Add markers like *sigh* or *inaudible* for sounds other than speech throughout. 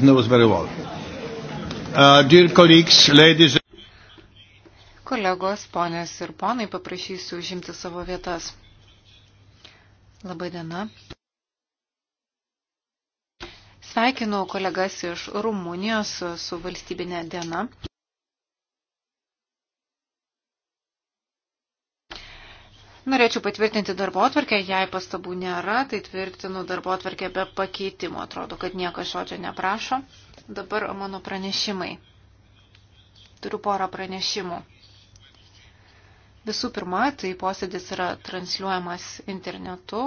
knows very well. Uh, dear colleagues, ladies. Kolegos, ponės ir ponai, paprašysiu užimti savo vietas. Labai diena. Sveikinu kolegas iš Rumunijos su valstybinė diena. Norėčiau patvirtinti darbo atvarkę, jei pastabų nėra, tai tvirtinu darbo atvarkę be pakeitimo. Atrodo, kad nieko žodžio neprašo. Dabar mano pranešimai. Turiu porą pranešimų. Visų pirma, tai posėdis yra transliuojamas internetu.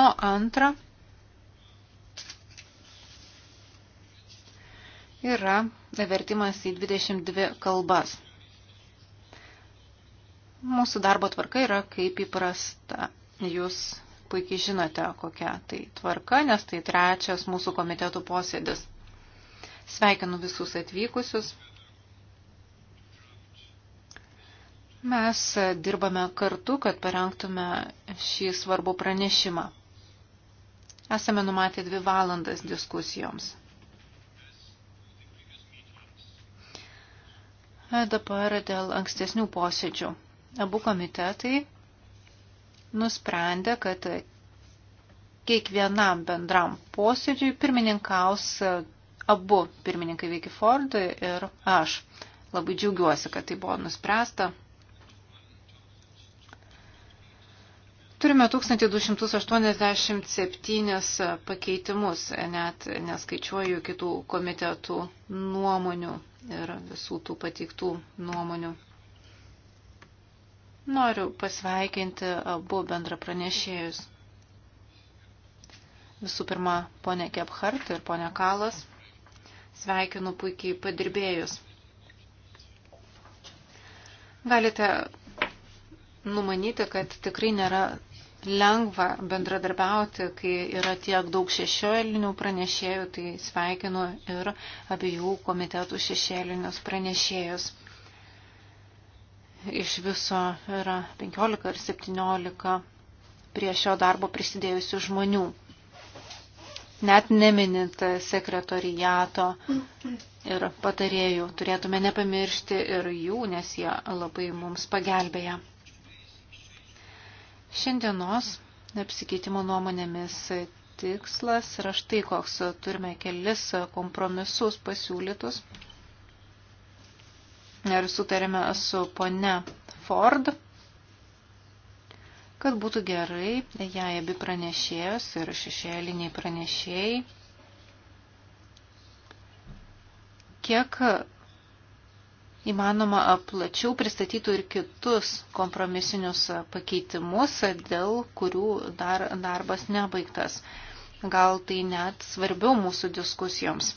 O antra, yra vertimas į 22 kalbas. Mūsų darbo tvarka yra kaip įprasta. Jūs puikiai žinote, kokia tai tvarka, nes tai trečias mūsų komitetų posėdis. Sveikinu visus atvykusius. Mes dirbame kartu, kad parengtume šį svarbų pranešimą. Esame numatę dvi valandas diskusijoms. Dabar dėl ankstesnių posėdžių abu komitetai nusprendė, kad kiekvienam bendram posėdžiui pirmininkaus abu pirmininkai Viki Fordai ir aš. Labai džiaugiuosi, kad tai buvo nuspręsta. Turime 1287 pakeitimus, net neskaičiuoju kitų komitetų nuomonių ir visų tų pateiktų nuomonių. Noriu pasveikinti abu bendra pranešėjus. Visų pirma, ponė Gebhart ir ponė Kalas. Sveikinu puikiai padirbėjus. Galite numanyti, kad tikrai nėra lengva bendradarbiauti, kai yra tiek daug šešėlinių pranešėjų, tai sveikinu ir abiejų komitetų šešėlinius pranešėjus iš viso yra 15 ar 17 prie šio darbo prisidėjusių žmonių. Net neminint sekretorijato ir patarėjų, turėtume nepamiršti ir jų, nes jie labai mums pagelbėja. Šiandienos apsikeitimo nuomonėmis tikslas yra štai koks. Turime kelis kompromisus pasiūlytus ir sutarėme su pone Ford, kad būtų gerai, jei abi pranešėjos ir šešėliniai pranešėjai, kiek įmanoma plačiau pristatytų ir kitus kompromisinius pakeitimus, dėl kurių dar darbas nebaigtas. Gal tai net svarbiau mūsų diskusijoms.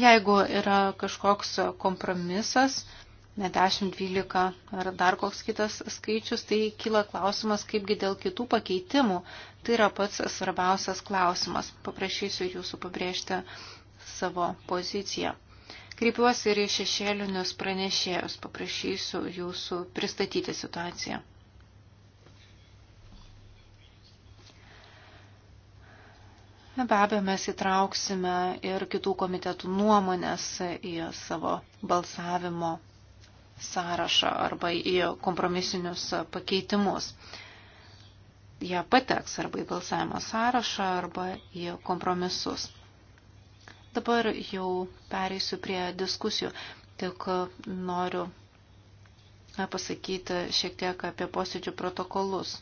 Jeigu yra kažkoks kompromisas, ne 10, 12 ar dar koks kitas skaičius, tai kyla klausimas, kaipgi dėl kitų pakeitimų. Tai yra pats svarbiausias klausimas. Paprašysiu jūsų pabrėžti savo poziciją. Kreipiuosi ir į šešėlinius pranešėjus, paprašysiu jūsų pristatyti situaciją. Be abejo, mes įtrauksime ir kitų komitetų nuomonės į savo balsavimo sąrašą arba į kompromisinius pakeitimus. Jie pateks arba į balsavimo sąrašą arba į kompromisus. Dabar jau pereisiu prie diskusijų, tik noriu pasakyti šiek tiek apie posėdžių protokolus.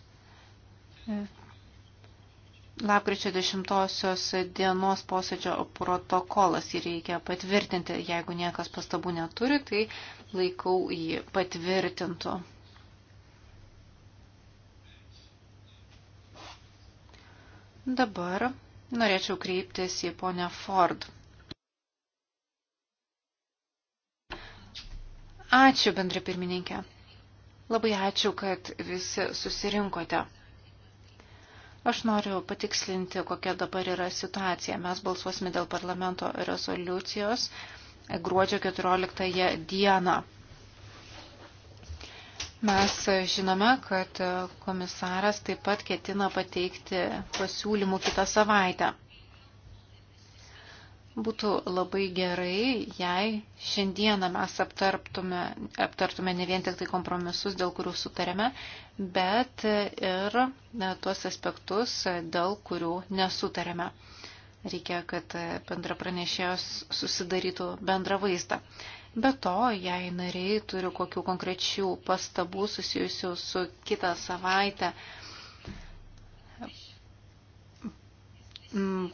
Lapkričio 10 dienos posėdžio protokolas jį reikia patvirtinti. Jeigu niekas pastabų neturi, tai laikau jį patvirtintų. Dabar norėčiau kreiptis į ponę Ford. Ačiū, bendra pirmininkė. Labai ačiū, kad visi susirinkote. Aš noriu patikslinti, kokia dabar yra situacija. Mes balsuosime dėl parlamento rezoliucijos e, gruodžio 14 dieną. Mes e, žinome, kad e, komisaras taip pat ketina pateikti pasiūlymų kitą savaitę. Būtų labai gerai, jei šiandieną mes aptartume, aptartume ne vien tik tai kompromisus, dėl kurių sutarėme, bet ir e, tuos aspektus, e, dėl kurių nesutarėme. Reikia, kad e, bendra pranešėjos susidarytų bendrą vaizdą. Be to, jei nariai turi kokių konkrečių pastabų susijusių su kitą savaitę, uh,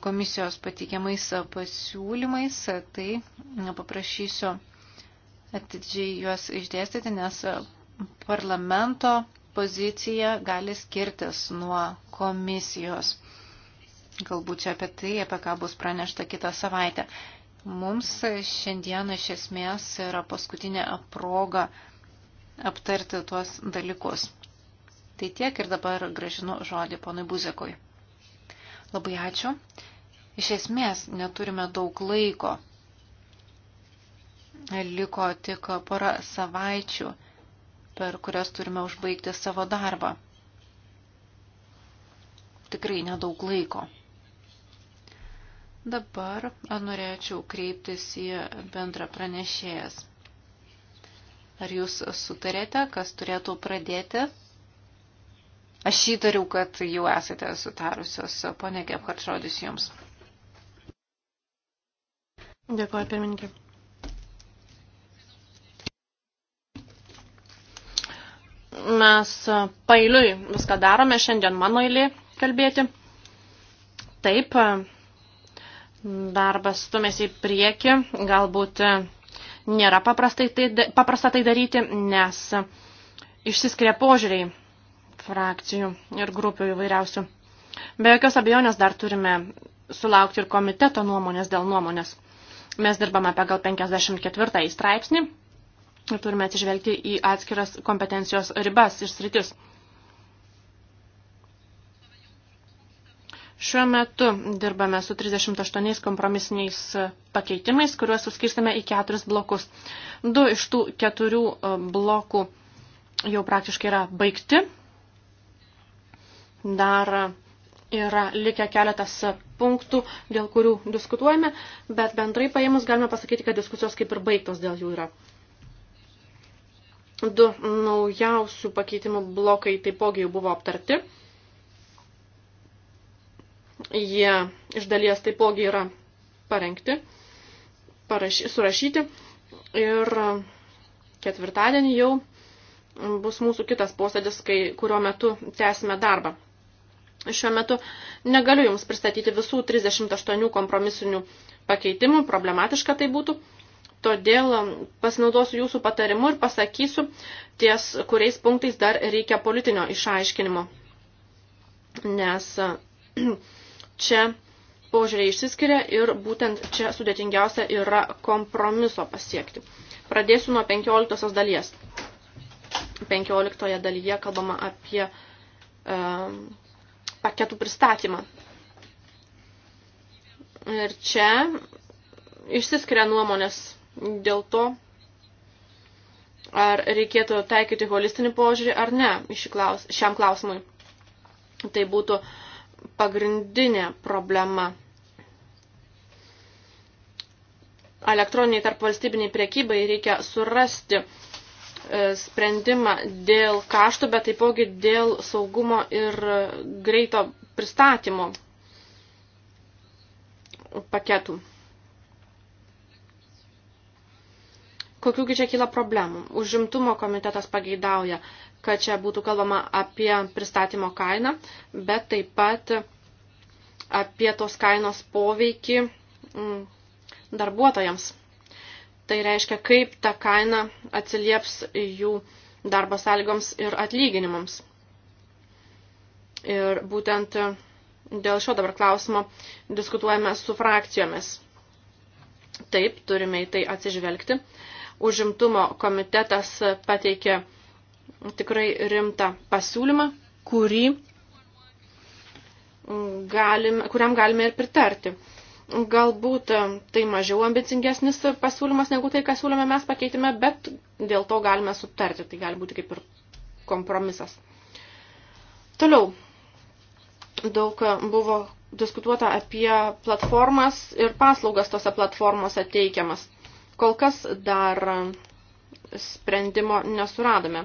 komisijos pateikiamais pasiūlymais, tai paprašysiu atidžiai juos išdėstyti, nes parlamento pozicija gali skirtis nuo komisijos. Galbūt čia apie tai, apie ką bus pranešta kitą savaitę. Mums šiandien iš esmės yra paskutinė proga aptarti tuos dalykus. Tai tiek ir dabar gražinu žodį ponui Buzekui. Labai ačiū. Iš esmės neturime daug laiko. Liko tik pora savaičių, per kurias turime užbaigti savo darbą. Tikrai nedaug laiko. Dabar norėčiau kreiptis į bendrą pranešėjas. Ar jūs sutarėte, kas turėtų pradėti? Aš įtariu, kad jau esate sutarusios. Pone Gebhardt, žodis jums. Dėkuoju, pirmininkė. Mes pailiui viską darome, šiandien mano eilė kalbėti. Taip, darbas stumėsi į priekį, galbūt nėra paprastai tai, paprasta tai daryti, nes išsiskiria požiūriai frakcijų ir grupių įvairiausių. Be jokios abejonės dar turime sulaukti ir komiteto nuomonės dėl nuomonės. Mes dirbame pagal 54 straipsnį ir turime atsižvelgti į atskiras kompetencijos ribas ir sritis. Šiuo metu dirbame su 38 kompromisiniais pakeitimais, kuriuos suskirstame į keturis blokus. Du iš tų keturių e, blokų jau praktiškai yra baigti dar yra likę keletas punktų, dėl kurių diskutuojame, bet bendrai paėmus galime pasakyti, kad diskusijos kaip ir baigtos dėl jų yra. Du naujausių pakeitimų blokai taipogi jau buvo aptarti. Jie iš dalies taipogi yra parengti, paraši, surašyti ir ketvirtadienį jau bus mūsų kitas posėdis, kai, kurio metu tęsime darbą. Šiuo metu negaliu Jums pristatyti visų 38 kompromisinių pakeitimų, problematiška tai būtų. Todėl pasinaudosiu Jūsų patarimu ir pasakysiu, ties kuriais punktais dar reikia politinio išaiškinimo. Nes *clears throat* čia požiūriai išsiskiria ir būtent čia sudėtingiausia yra kompromiso pasiekti. Pradėsiu nuo 15 dalies. 15 dalyje kalbama apie um, paketų pristatymą. Ir čia išsiskiria nuomonės dėl to, ar reikėtų taikyti holistinį požiūrį ar ne klaus, šiam klausimui. Tai būtų pagrindinė problema. Elektroniniai tarp valstybiniai priekybai reikia surasti uh, E, sprendimą dėl kaštų, bet taipogi dėl saugumo ir greito pristatymo paketų. Kokiųgi čia kyla problemų? Užimtumo komitetas pageidauja, kad čia būtų kalbama apie pristatymo kainą, bet taip pat apie tos kainos poveikį mm, darbuotojams. Tai reiškia, kaip ta kaina atsilieps jų darbo sąlygoms ir atlyginimams. Ir būtent dėl šio dabar klausimo diskutuojame su frakcijomis. Taip, turime į tai atsižvelgti. Užimtumo komitetas pateikė tikrai rimtą pasiūlymą, kurį galim, kuriam galime ir pritarti. Galbūt e, tai mažiau ambicingesnis pasiūlymas negu tai, ką siūlėme mes pakeitime, bet dėl to galime sutarti. Tai gali būti kaip ir kompromisas. Toliau. Daug e, buvo diskutuota apie platformas ir paslaugas tose platformose teikiamas. Kol kas dar e, sprendimo nesuradome.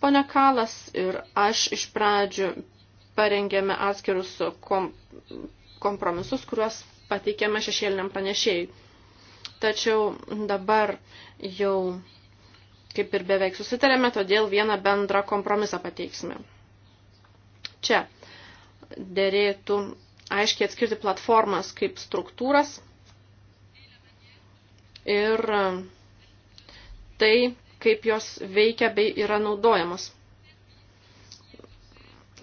Pone Kalas ir aš iš pradžių parengėme atskirus kom kompromisus, kuriuos pateikiama šešėliniam pranešėjui. Tačiau dabar jau kaip ir beveik susitarėme, todėl vieną bendrą kompromisą pateiksime. Čia dėrėtų aiškiai atskirti platformas kaip struktūras ir e, tai, kaip jos veikia bei yra naudojamos.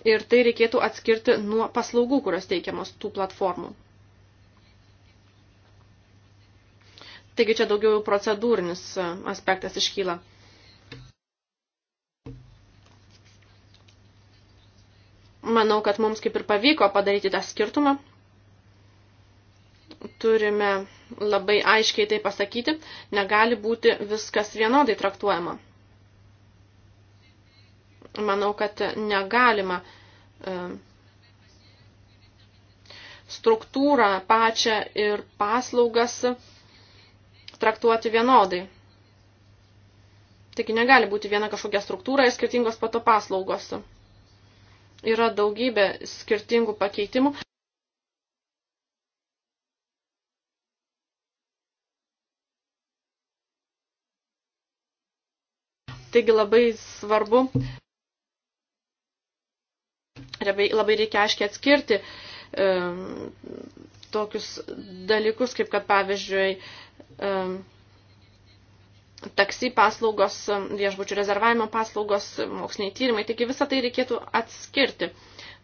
Ir tai reikėtų atskirti nuo paslaugų, kurios teikiamos tų platformų. Taigi čia daugiau procedūrinis e, aspektas iškyla. Manau, kad mums kaip ir pavyko padaryti tą skirtumą. Turime labai aiškiai tai pasakyti, negali būti viskas vienodai traktuojama. Manau, kad negalima e, struktūrą pačią ir paslaugas traktuoti vienodai. Taigi negali būti viena kažkokia struktūra ir skirtingos pato paslaugos. Yra daugybė skirtingų pakeitimų. Taigi labai svarbu, labai reikia aiškiai atskirti e, tokius dalykus, kaip kad pavyzdžiui E, taksi paslaugos, e, viešbučių rezervavimo paslaugos, moksliniai tyrimai, taigi visą tai reikėtų atskirti.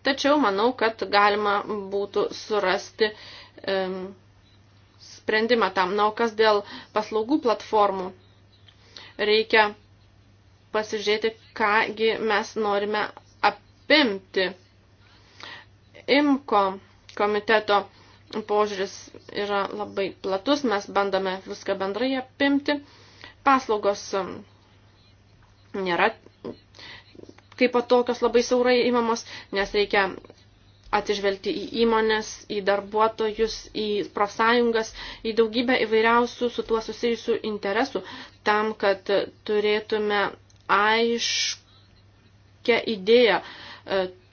Tačiau manau, kad galima būtų surasti um, sprendimą tam. Na, o kas dėl paslaugų platformų? Reikia pasižiūrėti, kągi mes norime apimti. IMKO komiteto požiūris yra labai platus, mes bandome viską bendrai apimti. Paslaugos um, nėra kaip patokios labai saurai įmamos, nes reikia atižvelgti į įmonės, į darbuotojus, į profsąjungas, į daugybę įvairiausių su tuo susijusių interesų, tam, kad turėtume aiškę idėją e,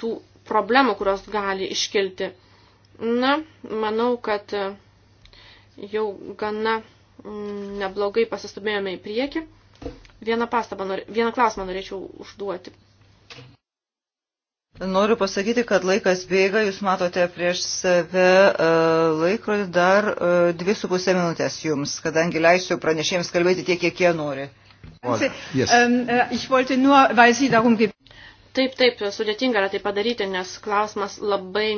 tų problemų, kurios gali iškilti Na, manau, kad jau gana mm, neblogai pasistumėjome į priekį. Vieną, pastabą, vieną klausimą norėčiau užduoti. Noriu pasakyti, kad laikas bėga, jūs matote prieš save e, laikrodį dar e, dvi su pusė minutės jums, kadangi leisiu pranešėjams kalbėti tiek, kiek jie nori. E, taip, taip, sudėtinga yra tai padaryti, nes klausimas labai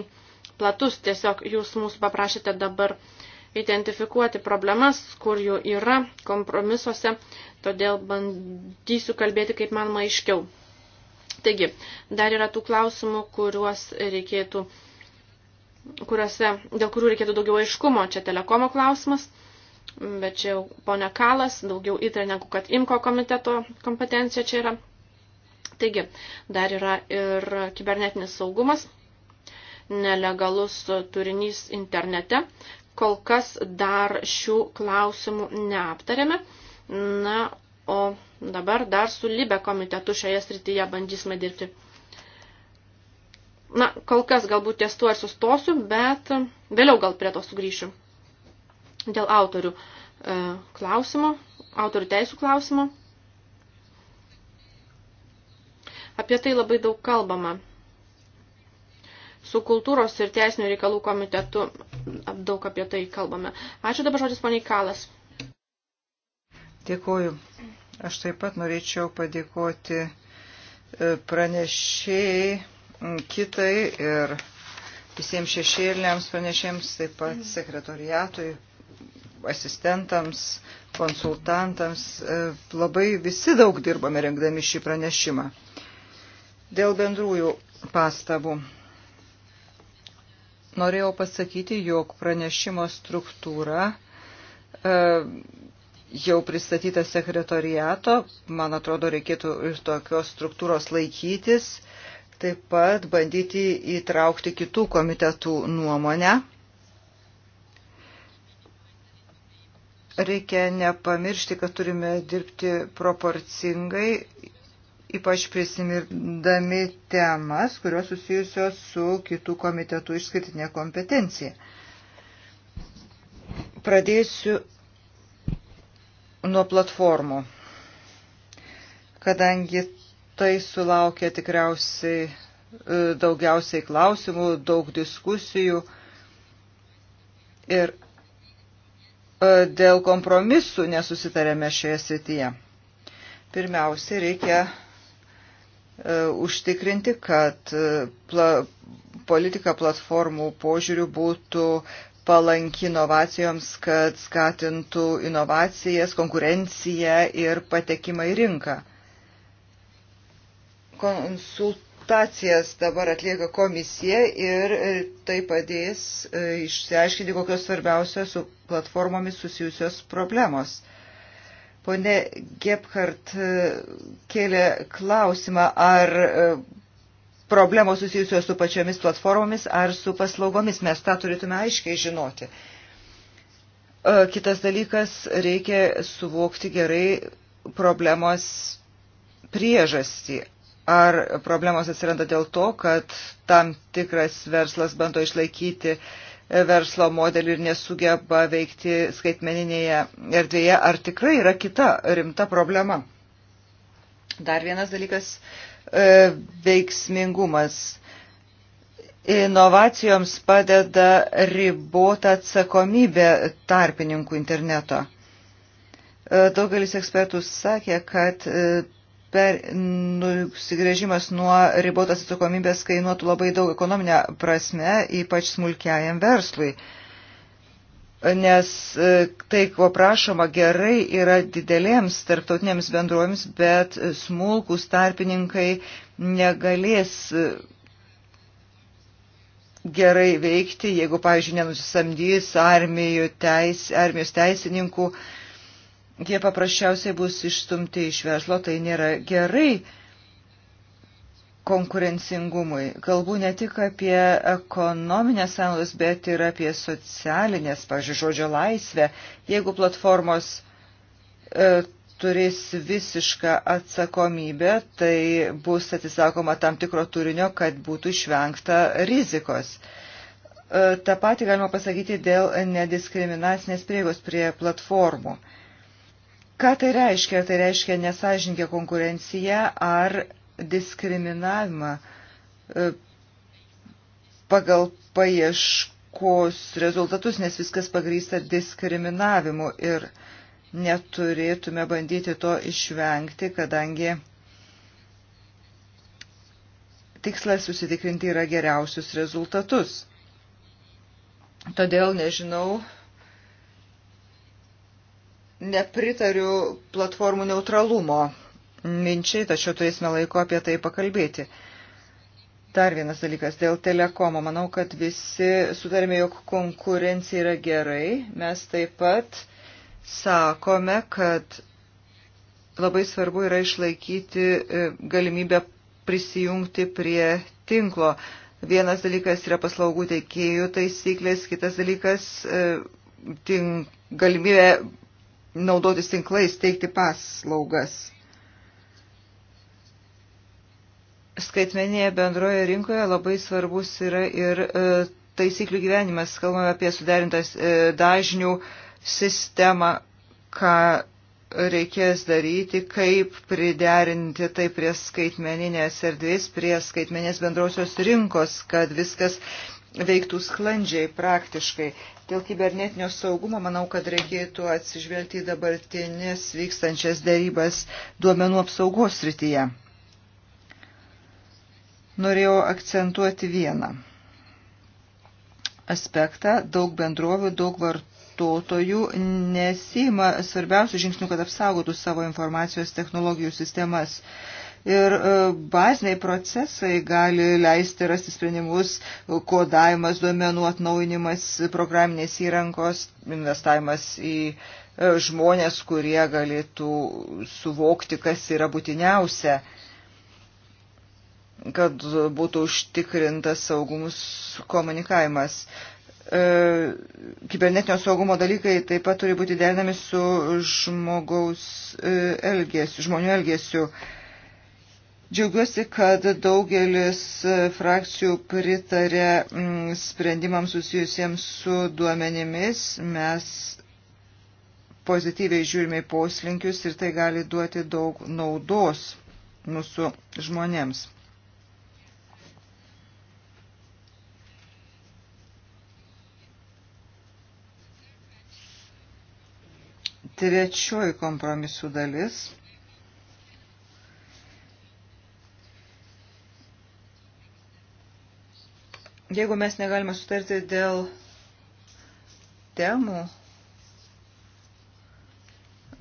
platus, tiesiog jūs mūsų paprašėte dabar identifikuoti problemas, kur jų yra kompromisuose, todėl bandysiu kalbėti kaip man maiškiau. Taigi, dar yra tų klausimų, kuriuos reikėtų, kuriuose, dėl kurių reikėtų daugiau aiškumo. Čia telekomo klausimas, bet čia jau ponia Kalas, daugiau įtar negu kad IMKO komiteto kompetencija čia yra. Taigi, dar yra ir kibernetinis saugumas nelegalus turinys internete. Kol kas dar šių klausimų neaptarėme. Na, o dabar dar su Libe komitetu šioje srityje bandysime dirbti. Na, kol kas galbūt ties tuo ir sustosiu, bet vėliau gal prie to sugrįšiu. Dėl autorių e, klausimo, autorių teisų klausimo. Apie tai labai daug kalbama su kultūros ir teisinių reikalų komitetu daug apie tai kalbame. Ačiū dabar žodis poniai Kalas. Dėkuoju. Aš taip pat norėčiau padėkoti e, pranešėjai kitai ir visiems šešėliniams pranešėjams, taip pat sekretoriatui, asistentams, konsultantams. E, labai visi daug dirbame rengdami šį pranešimą. Dėl bendrųjų pastabų norėjau pasakyti, jog pranešimo struktūra e, jau pristatyta sekretoriato, man atrodo, reikėtų ir tokios struktūros laikytis, taip pat bandyti įtraukti kitų komitetų nuomonę. Reikia nepamiršti, kad turime dirbti proporcingai ypač prisimirdami temas, kurios susijusios su kitų komitetų išskirtinė kompetencija. Pradėsiu nuo platformų, kadangi tai sulaukia tikriausiai e, daugiausiai klausimų, daug diskusijų ir e, dėl kompromisų nesusitarėme šioje srityje. Pirmiausia, reikia E, užtikrinti, kad e, pla, politika platformų požiūrių būtų palanki inovacijoms, kad skatintų inovacijas, konkurenciją ir patekimą į rinką. Konsultacijas dabar atlieka komisija ir e, tai padės išsiaiškinti, kokios svarbiausios su platformomis susijusios problemos. Pone Gebhardt e, kėlė klausimą, ar e, problemos susijusios su pačiomis platformomis ar su paslaugomis. Mes tą turėtume aiškiai žinoti. E, kitas dalykas, reikia suvokti gerai problemos priežastį. Ar problemos atsiranda dėl to, kad tam tikras verslas bando išlaikyti uh, verslo modelį ir nesugeba veikti skaitmeninėje erdvėje, ar tikrai yra kita rimta problema. Dar vienas dalykas e, - veiksmingumas. Inovacijoms padeda ribota atsakomybė tarpininkų interneto. E, daugelis ekspertų sakė, kad e, per nusigrėžimas nuo ribotas atsakomybės kainuotų labai daug ekonominę prasme, ypač smulkiajam verslui. Nes e, tai, ko prašoma, gerai yra didelėms tarptautinėms bendruoms, bet smulkus tarpininkai negalės e, gerai veikti, jeigu, pavyzdžiui, nenusisamdys armijų teis, armijos teisininkų, uh, jie paprasčiausiai bus išstumti iš verslo, tai nėra gerai konkurencingumui. Kalbu ne tik apie ekonominės sąnaudas, bet ir apie socialinės, pažiūrėjau, žodžio laisvę. Jeigu platformos e, turės visišką atsakomybę, tai bus atsisakoma tam tikro turinio, kad būtų išvengta rizikos. E, Ta pati galima pasakyti dėl nediskriminacinės prieigos prie platformų. E, Ką tai reiškia? Ar tai reiškia nesažinkę konkurenciją ar diskriminavimą e, pagal paieškos rezultatus, nes viskas pagrysta diskriminavimu ir neturėtume bandyti to išvengti, kadangi tikslas susitikrinti yra geriausius rezultatus. Todėl nežinau, nepritariu platformų neutralumo minčiai, tačiau turėsime laiko apie tai pakalbėti. Dar vienas dalykas dėl telekomo. Manau, kad visi sutarėme, jog konkurencija yra gerai. Mes taip pat sakome, kad labai svarbu yra išlaikyti e, galimybę prisijungti prie tinklo. Vienas dalykas yra paslaugų teikėjų taisyklės, kitas dalykas e, tink, galimybė naudotis tinklais, teikti paslaugas. Skaitmenėje bendroje rinkoje labai svarbus yra ir e, taisyklių gyvenimas. Kalbame apie suderintas e, dažnių sistemą, ką reikės daryti, kaip priderinti tai prie skaitmeninės erdvės, prie skaitmeninės bendrausios rinkos, kad viskas veiktų sklandžiai praktiškai. Dėl kibernetinio saugumo manau, kad reikėtų atsižvelgti į dabartinės vykstančias darybas duomenų apsaugos srityje. Norėjau akcentuoti vieną aspektą. Daug bendrovių, daug vartotojų nesima svarbiausių žingsnių, kad apsaugotų savo informacijos technologijų sistemas ir e, baziniai procesai gali leisti rasti sprendimus, kodavimas, duomenų atnaujinimas, programinės įrankos, investavimas į e, žmonės, kurie galėtų suvokti, kas yra būtiniausia kad būtų užtikrintas saugumus komunikavimas e, kibernetinio saugumo dalykai taip pat turi būti derinami su žmogaus elgesiu, žmonių elgesiu. Džiaugiuosi, kad daugelis frakcijų pritarė mm, sprendimams susijusiems su duomenimis. Mes pozityviai žiūrime į poslinkius ir tai gali duoti daug naudos mūsų žmonėms. Trečioji kompromisų dalis. Jeigu mes negalime sutarti dėl temų,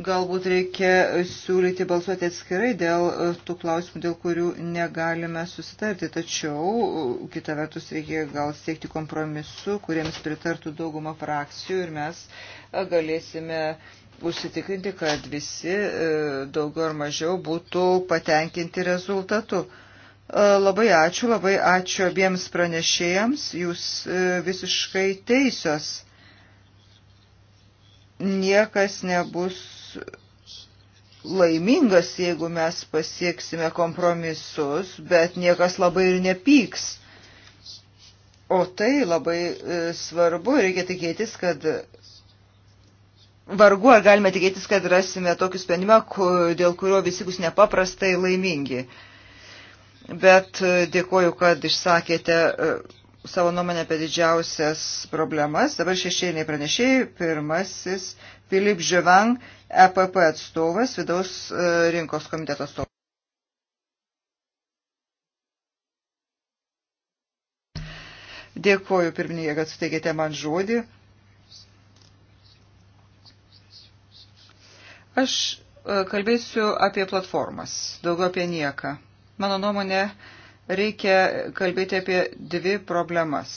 galbūt reikia siūlyti balsuoti atskirai dėl e, tų klausimų, dėl kurių negalime susitarti. Tačiau, e, kita vertus, reikia gal siekti kompromisu, kuriems pritartų dauguma frakcijų ir mes e, galėsime užsitikrinti, kad visi daugiau ar mažiau būtų patenkinti rezultatu. E, labai ačiū, labai ačiū abiems pranešėjams, jūs e, visiškai teisios. Niekas nebus laimingas, jeigu mes pasieksime kompromisus, bet niekas labai ir nepyks. O tai labai e, svarbu, reikia tikėtis, kad vargu ar galime tikėtis, kad rasime tokį sprendimą, dėl kurio visi bus nepaprastai laimingi bet e, dėkoju, kad išsakėte e, savo nuomonę apie didžiausias problemas. Dabar šešėliniai pranešėjai. Pirmasis Filip Ževang, EPP atstovas, vidaus e, rinkos komiteto atstovas. Dėkoju pirmininkė, kad suteikėte man žodį. Aš kalbėsiu apie platformas, daugiau apie nieką. Mano nuomonė, reikia kalbėti apie dvi problemas.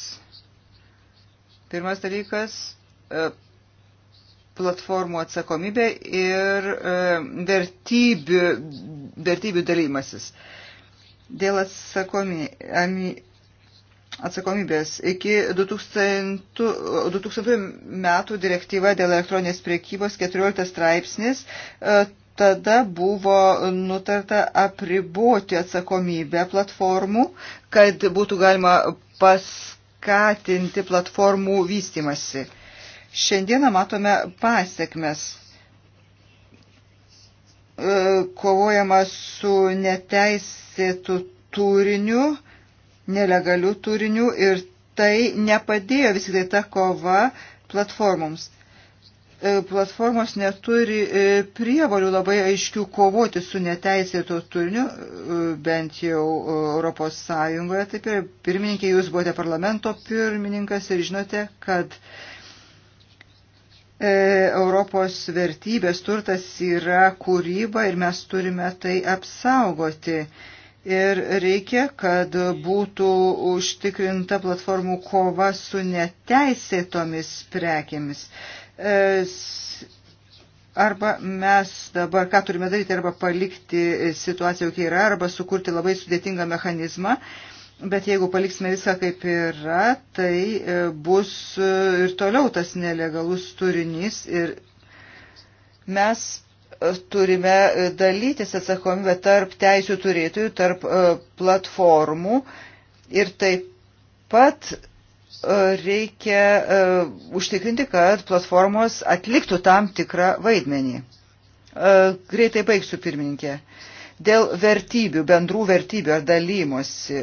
Pirmas dalykas e, - platformų atsakomybė ir e, vertybių, vertybių dalymasis. Dėl atsakomybės atsakomybės. Iki 2000, 2000 metų direktyva dėl elektroninės priekybos 14 straipsnis e, tada buvo nutarta apriboti atsakomybę platformų, kad būtų galima paskatinti platformų vystimasi. Šiandieną matome pasiekmes. E, kovojama su neteisėtų turiniu, nelegaliu turiniu ir tai nepadėjo vis tik tai ta kova platformoms E, platformos neturi e, prievalių labai aiškių kovoti su neteisėto turiniu, e, bent jau Europos Sąjungoje. Taip ir pirmininkė, jūs buvote parlamento pirmininkas ir žinote, kad Europos vertybės turtas yra kūryba ir mes turime tai apsaugoti. Ir reikia, kad būtų užtikrinta platformų kova su neteisėtomis prekėmis. E, arba mes dabar ką turime daryti, arba palikti situaciją, kokia yra, arba sukurti labai sudėtingą mechanizmą. Bet jeigu paliksime viską kaip yra, tai e, bus e, ir toliau tas nelegalus turinys ir mes turime dalytis atsakomybę tarp teisių turėtojų, tarp platformų ir taip pat reikia e, užtikrinti, kad platformos atliktų tam tikrą vaidmenį. E, greitai baigsiu, pirmininkė. Dėl vertybių, bendrų vertybių ar dalymosi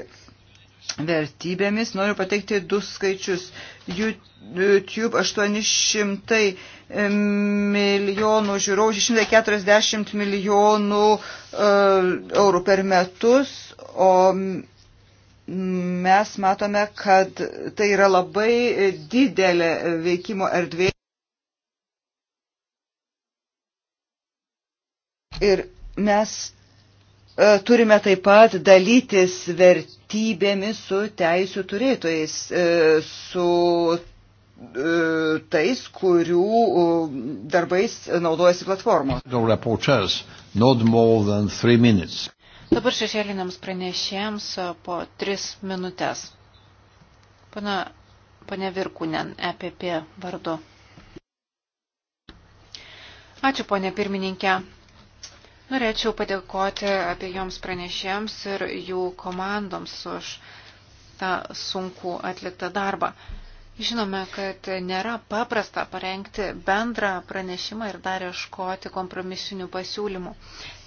vertybėmis noriu pateikti du skaičius. YouTube 800 e, milijonų žiūrovų, 640 milijonų eurų per metus, o mes matome, kad tai yra labai didelė veikimo erdvė. Ir mes e, turime taip pat dalytis vertybėmis su teisų turėtojais, e, su e, tais, kurių darbais naudojasi platformos. Dabar šešėliniams pranešėjams e, po tris minutės. Pana, pane Virkūnen, EPP vardu. Ačiū, ponė pirmininkė. Norėčiau padėkoti apie joms pranešėjams ir jų komandoms už tą sunkų atliktą darbą. Žinome, kad nėra paprasta parengti bendrą pranešimą ir dar iškoti kompromisinių pasiūlymų.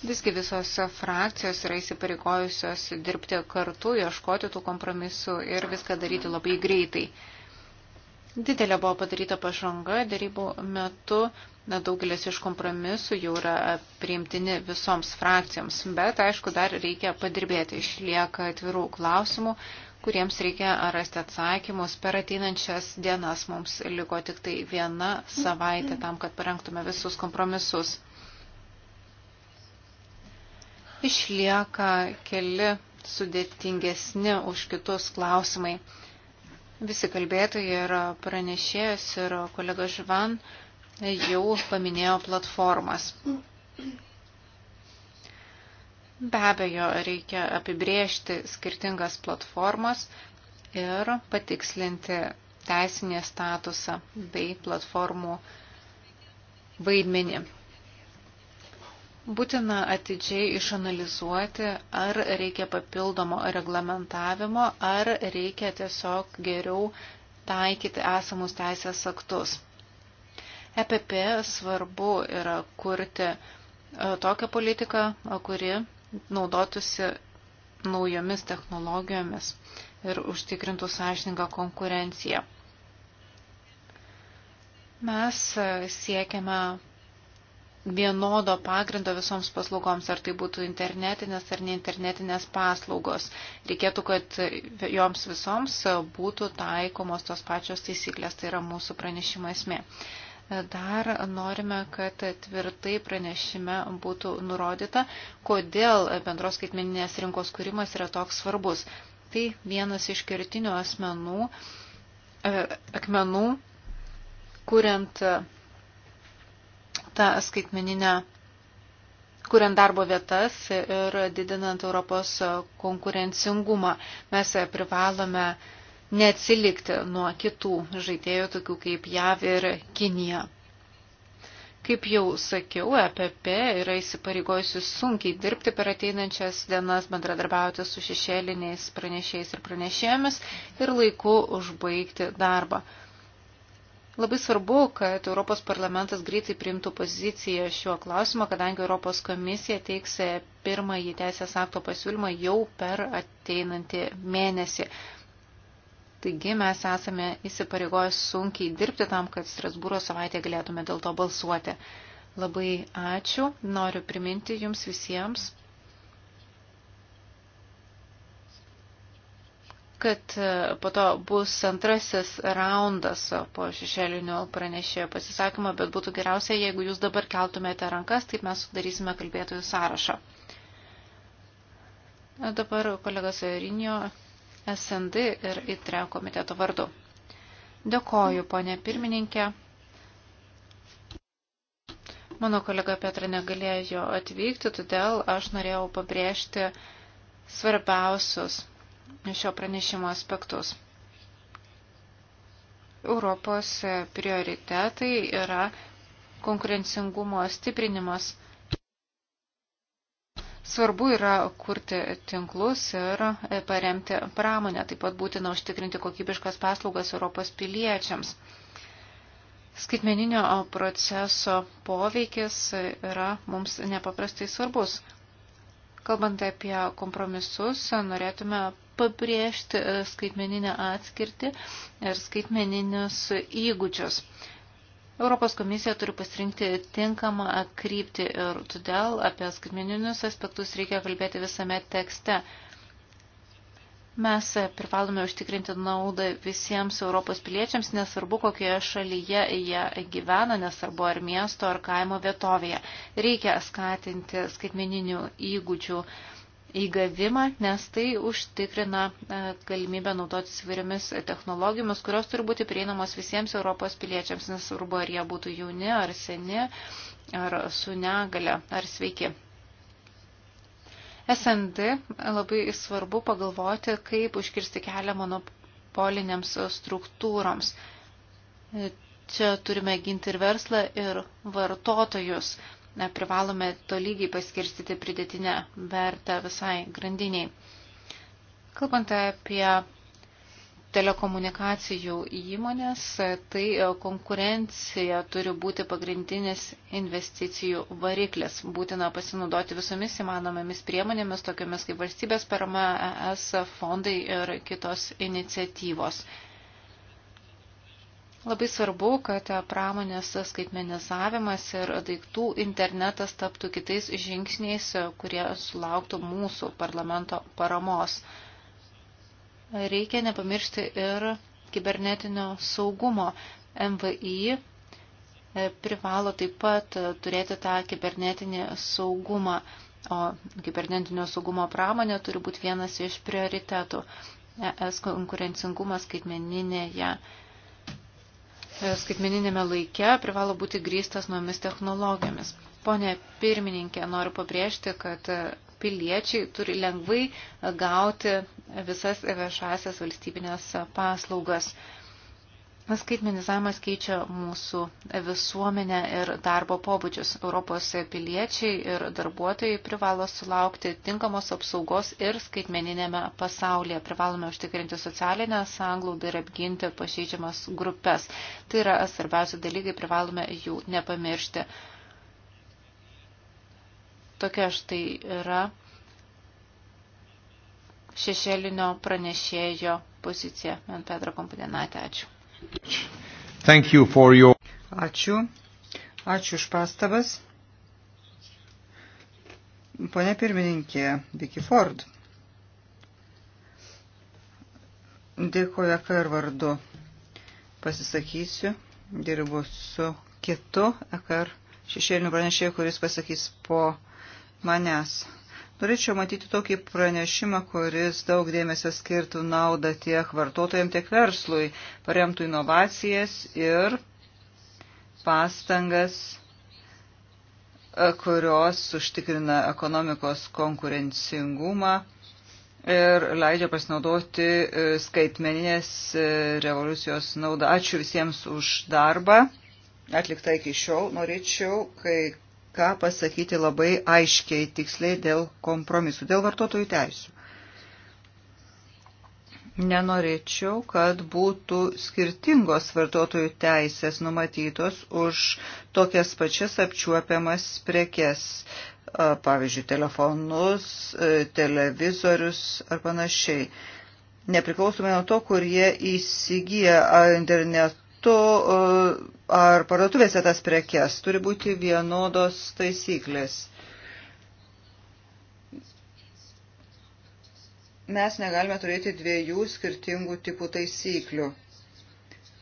Visgi visos frakcijos yra įsipareigojusios dirbti kartu, ieškoti tų kompromisų ir viską daryti labai greitai. Didelė buvo padaryta pažanga, darybų metu daugelis iš kompromisų jau yra priimtini visoms frakcijoms, bet aišku, dar reikia padirbėti, išlieka atvirų klausimų, kuriems reikia rasti atsakymus. Per ateinančias dienas mums liko tik tai viena savaitė tam, kad parengtume visus kompromisus. Išlieka keli sudėtingesni už kitus klausimai. Visi kalbėtojai ir pranešėjas ir kolega Žvan jau paminėjo platformas. Be abejo, reikia apibriežti skirtingas platformas ir patikslinti teisinį statusą bei platformų vaidmenį. Būtina atidžiai išanalizuoti, ar reikia papildomo reglamentavimo, ar reikia tiesiog geriau taikyti esamus teisės aktus. EPP svarbu yra kurti e, tokią politiką, kuri naudotųsi naujomis technologijomis ir užtikrintų sąžiningą konkurenciją. Mes siekiame vienodo pagrindo visoms paslaugoms, ar tai būtų internetinės ar neinternetinės paslaugos. Reikėtų, kad joms visoms būtų taikomos tos pačios taisyklės, tai yra mūsų pranešimo esmė. Dar norime, kad tvirtai pranešime būtų nurodyta, kodėl bendros skaitmeninės rinkos kūrimas yra toks svarbus. Tai vienas iš kertinių asmenų, e, akmenų, kuriant tą skaitmeninę kuriant darbo vietas ir didinant Europos konkurencingumą. Mes privalome uh, neatsilikti nuo kitų žaidėjų, tokių kaip JAV ir Kinija. Kaip jau sakiau, EPP yra įsipareigojusi sunkiai dirbti per ateinančias dienas, bendradarbiauti su šešėliniais pranešėjais ir pranešėjomis ir laiku užbaigti darbą. Labai svarbu, kad Europos parlamentas greitai priimtų poziciją šiuo klausimu, kadangi Europos komisija teiks pirmąjį teisės akto pasiūlymą jau per ateinantį mėnesį. Taigi mes esame įsipareigoję sunkiai dirbti tam, kad Strasbūro savaitė galėtume dėl to balsuoti. Labai ačiū, noriu priminti jums visiems, kad e, po to bus antrasis raundas e, po šešėlinio pranešėjo pasisakymo, bet būtų geriausia, jeigu jūs dabar keltumėte rankas, taip mes sudarysime kalbėtojų sąrašą. E, dabar kolegas Rinio SND ir ITRE komiteto vardu. Dėkoju, ponė pirmininkė. Mano kolega Petra negalėjo atvykti, todėl aš norėjau pabrėžti svarbiausius šio pranešimo aspektus. Europos prioritetai yra konkurencingumo stiprinimas Svarbu yra kurti tinklus ir e, paremti pramonę, taip pat būtina užtikrinti kokybiškas paslaugas Europos piliečiams. Skaitmeninio proceso poveikis yra mums nepaprastai svarbus. Kalbant apie kompromisus, norėtume pabrėžti e, skaitmeninę atskirtį ir skaitmeninius įgūdžius. Europos komisija turi pasirinkti tinkamą kryptį ir todėl apie skaitmeninius aspektus reikia kalbėti visame tekste. Mes privalome užtikrinti naudą visiems Europos piliečiams, nesvarbu, kokioje šalyje jie gyvena, nesvarbu ar miesto, ar kaimo vietovėje. Reikia skatinti skaitmeninių įgūdžių įgavimą, nes tai užtikrina e, galimybę naudotis įvairiomis technologijomis, kurios turi būti prieinamos visiems Europos piliečiams, nesvarbu, ar jie būtų jauni, ar seni, ar su negale, ar sveiki. SND labai svarbu pagalvoti, kaip užkirsti kelią monopolinėms struktūroms. E, čia turime ginti ir verslą, ir vartotojus privalome tolygiai paskirstyti pridėtinę vertę visai grandiniai. Kalbant apie telekomunikacijų įmonės, tai konkurencija turi būti pagrindinis investicijų variklis. Būtina pasinaudoti visomis įmanomomis priemonėmis, tokiamis kaip valstybės parama, ES fondai ir kitos iniciatyvos. Labai svarbu, kad pramonės skaitmenizavimas ir daiktų internetas taptų kitais žingsniais, kurie sulauktų mūsų parlamento paramos. Reikia nepamiršti ir kibernetinio saugumo. MVI e, privalo taip pat turėti tą kibernetinį saugumą, o kibernetinio saugumo pramonė turi būti vienas iš prioritetų. ES konkurencingumas skaitmeninėje. Ja E, skaitmeninėme laike privalo būti grįstas nuomis technologijomis. Pone pirmininkė, noriu pabrėžti, kad e, piliečiai turi lengvai gauti visas viešasias valstybinės e, paslaugas. Skaitmenizavimas keičia mūsų visuomenę ir darbo pobūdžius. Europos piliečiai ir darbuotojai privalo sulaukti tinkamos apsaugos ir skaitmeninėme pasaulyje. Privalome užtikrinti socialinę sąnglaudą ir apginti pažeidžiamas grupės. Tai yra svarbiausi dalykai, privalome jų nepamiršti. Tokia štai yra šešėlinio pranešėjo pozicija. Man Pedro Komponenatė, ačiū. You your... Ačiū. Ačiū už pastabas. Pone pirmininkė, Vicky Ford. Dėkoju EKR vardu. Pasisakysiu, dirbu su kitu EKR šešėliniu pranešėju, kuris pasakys po manęs. Norėčiau matyti tokį pranešimą, kuris daug dėmesio skirtų naudą tiek vartotojams, tiek verslui, paremtų inovacijas ir pastangas, e, kurios užtikrina ekonomikos konkurencingumą ir leidžia pasinaudoti e, skaitmeninės e, revoliucijos naudą. Ačiū visiems už darbą atliktą iki šiol. Norėčiau, kai ką pasakyti labai aiškiai, tiksliai dėl kompromisų, dėl vartotojų teisų. Nenorėčiau, kad būtų skirtingos vartotojų teisės numatytos už tokias pačias apčiuopiamas prekes, pavyzdžiui, telefonus, e, televizorius ar panašiai nepriklausomai nuo to, kur jie įsigyja internet, vartų e, ar parduotuvėse tas prekes. Turi būti vienodos taisyklės. Mes negalime turėti dviejų skirtingų tipų taisyklių.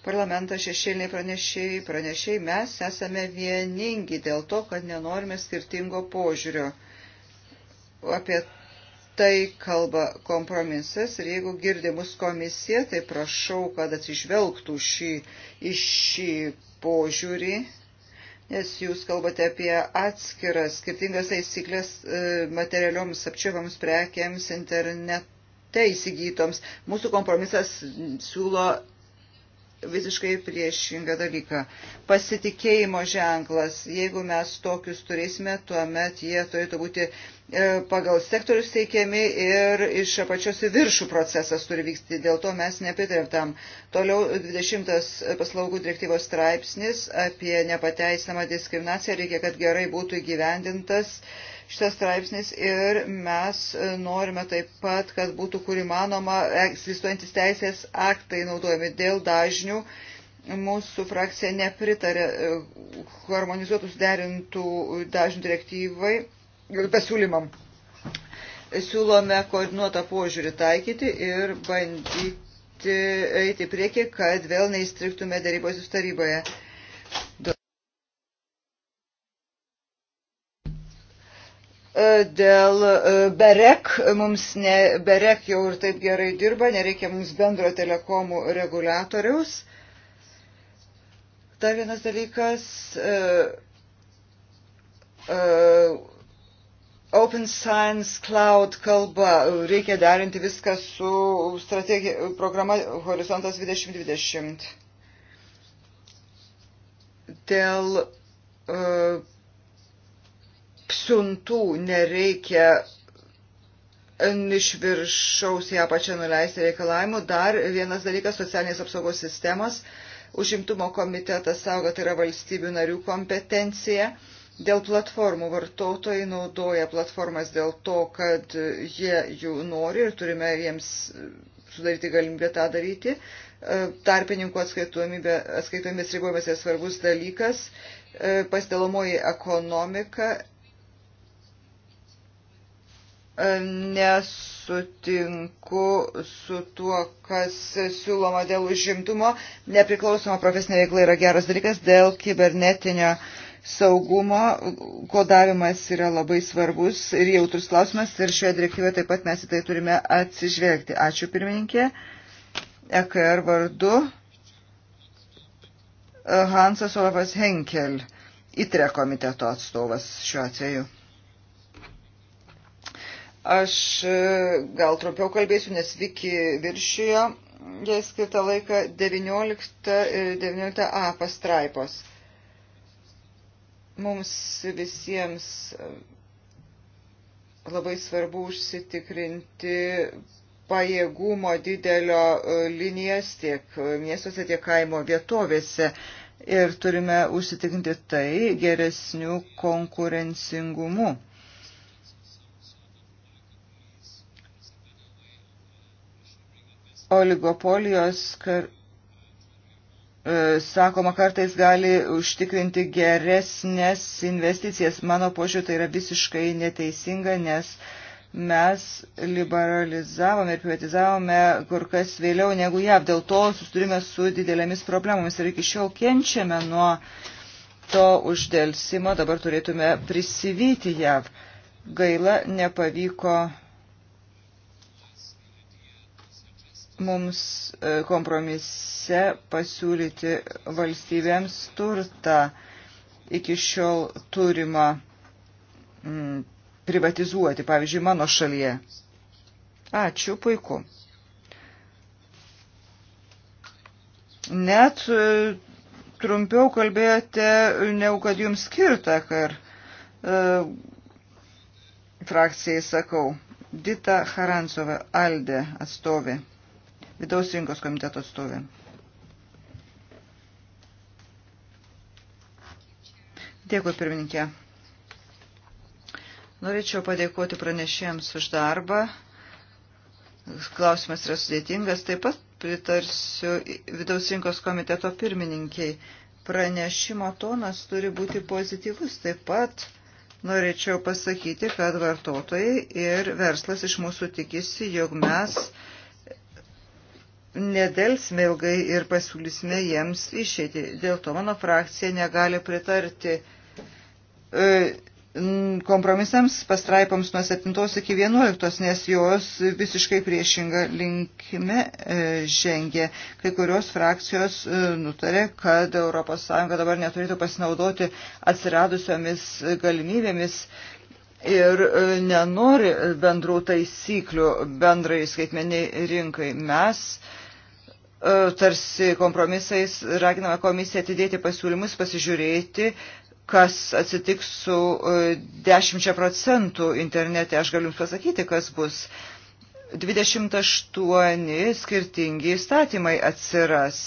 Parlamentas šešėliniai pranešėjai, pranešėjai, mes esame vieningi dėl to, kad nenorime skirtingo požiūrio. Apie tai kalba kompromisas ir jeigu girdimus komisija, tai prašau, kad atsižvelgtų šį, iš šį požiūrį, nes jūs kalbate apie atskiras skirtingas taisyklės e, materialioms apčiopiams prekiams internete įsigytoms. Mūsų kompromisas siūlo visiškai priešingą dalyką. Pasitikėjimo ženklas, jeigu mes tokius turėsime, tuomet jie turėtų būti e, pagal sektorius teikiami ir iš apačios į viršų procesas turi vykti. Dėl to mes nepritarėm tam. Toliau 20 paslaugų direktyvos straipsnis apie nepateisinamą diskriminaciją reikia, kad gerai būtų įgyvendintas. Uh, šitas straipsnis ir mes norime taip pat, kad būtų kur įmanoma e, egzistuojantis teisės aktai naudojami dėl dažnių. Mūsų frakcija nepritarė e, harmonizuotų suderintų dažnių direktyvai e, pasiūlymam. Siūlome koordinuotą požiūrį taikyti ir bandyti eiti prieki, kad vėl neįstriktume darybos taryboje. E, dėl e, BEREK, mums ne, BEREK jau ir taip gerai dirba, nereikia mums bendro telekomų reguliatoriaus. Dar vienas dalykas, uh, uh, Open Science Cloud kalba, reikia derinti viską su programa Horizontas 2020. Dėl uh, siuntų nereikia iš viršaus į apačią nuleisti reikalavimų. Dar vienas dalykas - socialinės apsaugos sistemos. Užimtumo komitetas saugo, tai yra valstybių narių kompetencija. Dėl platformų vartotojai naudoja platformas dėl to, kad jie jų nori ir turime jiems sudaryti galimybę tą daryti. Tarpininkų atskaitomybės ribojimas yra svarbus dalykas. Pasidalomoji ekonomika nesutinku su tuo, kas siūloma dėl užimtumo. Nepriklausoma profesinė veikla yra geras dalykas dėl kibernetinio saugumo. Kodavimas yra labai svarbus ir jautrus klausimas ir šioje direktyvoje taip pat mes į tai turime atsižvelgti. Ačiū pirmininkė. EKR vardu Hansas Olafas Henkel, ITRE komiteto atstovas šiuo atveju. Aš e, gal trumpiau kalbėsiu, nes Viki viršijo jai e, skirtą laiką 19 ir 19a pastraipos. Mums visiems e, labai svarbu užsitikrinti pajėgumo didelio linijas tiek miestuose, tiek kaimo vietovėse. Ir turime užsitikrinti tai geresnių konkurencingumu oligopolijos, kar, e, sakoma, kartais gali užtikrinti geresnės investicijas. Mano požiūrė tai yra visiškai neteisinga, nes mes liberalizavome ir privatizavome kur kas vėliau negu jav. Dėl to susidurime su didelėmis problemomis ir iki šiol kenčiame nuo to uždelsimo. Dabar turėtume prisivyti jav. Gaila nepavyko mums e, kompromise pasiūlyti valstybėms turtą iki šiol turimą mm, privatizuoti, pavyzdžiui, mano šalyje. Ačiū, puiku. Net e, trumpiau kalbėjote, negu kad jums skirta, kar e, frakcijai sakau. Dita Harancova, Alde atstovė vidaus rinkos komiteto atstovė. Dėkui, pirmininkė. Norėčiau padėkoti pranešėjams už darbą. Klausimas yra sudėtingas. Taip pat pritarsiu vidaus rinkos komiteto pirmininkiai. Pranešimo tonas turi būti pozityvus. Taip pat norėčiau pasakyti, kad vartotojai ir verslas iš mūsų tikisi, jog mes nedelsime ilgai ir pasiūlysime jiems išėti. Dėl to mano frakcija negali pritarti e, kompromisams pastraipoms nuo 7 iki 11, nes jos visiškai priešinga linkime žengė. Kai kurios frakcijos e, nutarė, kad ES dabar neturėtų pasinaudoti atsiradusiomis galimybėmis ir e, nenori bendrų taisyklių bendrai skaitmeniai rinkai. Mes E, tarsi kompromisais raginame komisiją atidėti pasiūlymus, pasižiūrėti, kas atsitiks su 10 e, procentų internete. Aš galiu Jums pasakyti, kas bus. 28 skirtingi įstatymai atsiras.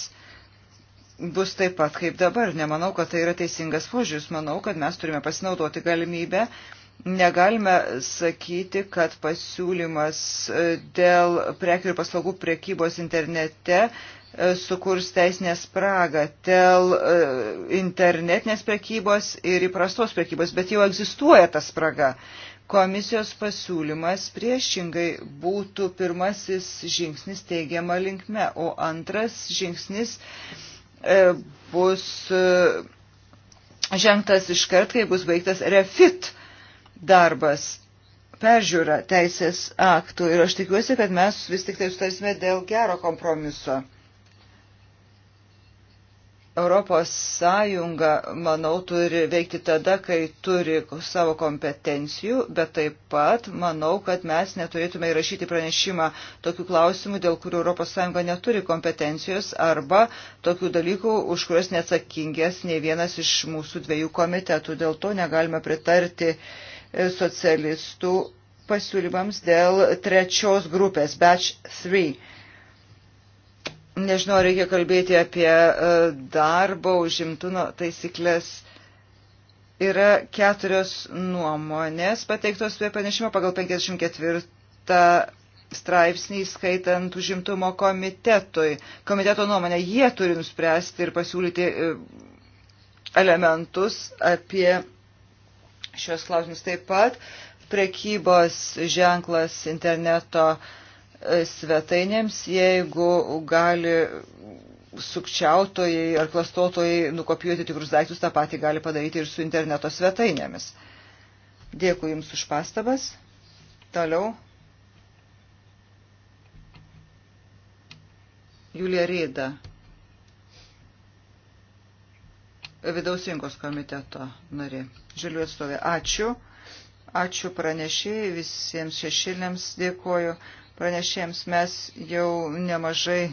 Bus taip pat kaip dabar. Nemanau, kad tai yra teisingas požiūris. Manau, kad mes turime pasinaudoti galimybę uh, Negalime sakyti, kad pasiūlymas e, dėl prekių ir paslaugų priekybos internete e, sukurs teisinę spragą dėl e, internetinės prekybos ir įprastos prekybos, bet jau egzistuoja ta spraga. Komisijos pasiūlymas priešingai būtų pirmasis žingsnis teigiama linkme, o antras žingsnis bus žengtas iškart, kai bus baigtas refit darbas peržiūra teisės aktų ir aš tikiuosi, kad mes vis tik tai sutarsime dėl gero kompromiso. Europos Sąjunga, manau, turi veikti tada, kai turi savo kompetencijų, bet taip pat manau, kad mes neturėtume įrašyti pranešimą tokių klausimų, dėl kurių Europos Sąjunga neturi kompetencijos arba tokių dalykų, už kurias neatsakingas nei vienas iš mūsų dviejų komitetų. Dėl to negalime pritarti socialistų pasiūlymams dėl trečios grupės, batch 3. Nežinau, reikia kalbėti apie e, darbo užimtumo taisyklės. Yra keturios nuomonės pateiktos prie panešimo pagal 54 straipsnį, skaitant užimtumo komitetui. Komiteto nuomonę jie turi nuspręsti ir pasiūlyti e, elementus apie šios klausimus taip pat. Prekybos ženklas interneto e, svetainėms, jeigu gali sukčiautojai ar klastotojai nukopijuoti tikrus daiktus, tą patį gali padaryti ir su interneto svetainėmis. Dėkui Jums už pastabas. Toliau. Julija Rėda. vidaus rinkos komiteto nari. Žalių atstovė, ačiū. Ačiū pranešėjai, visiems šešilėms dėkoju. Pranešėjams mes jau nemažai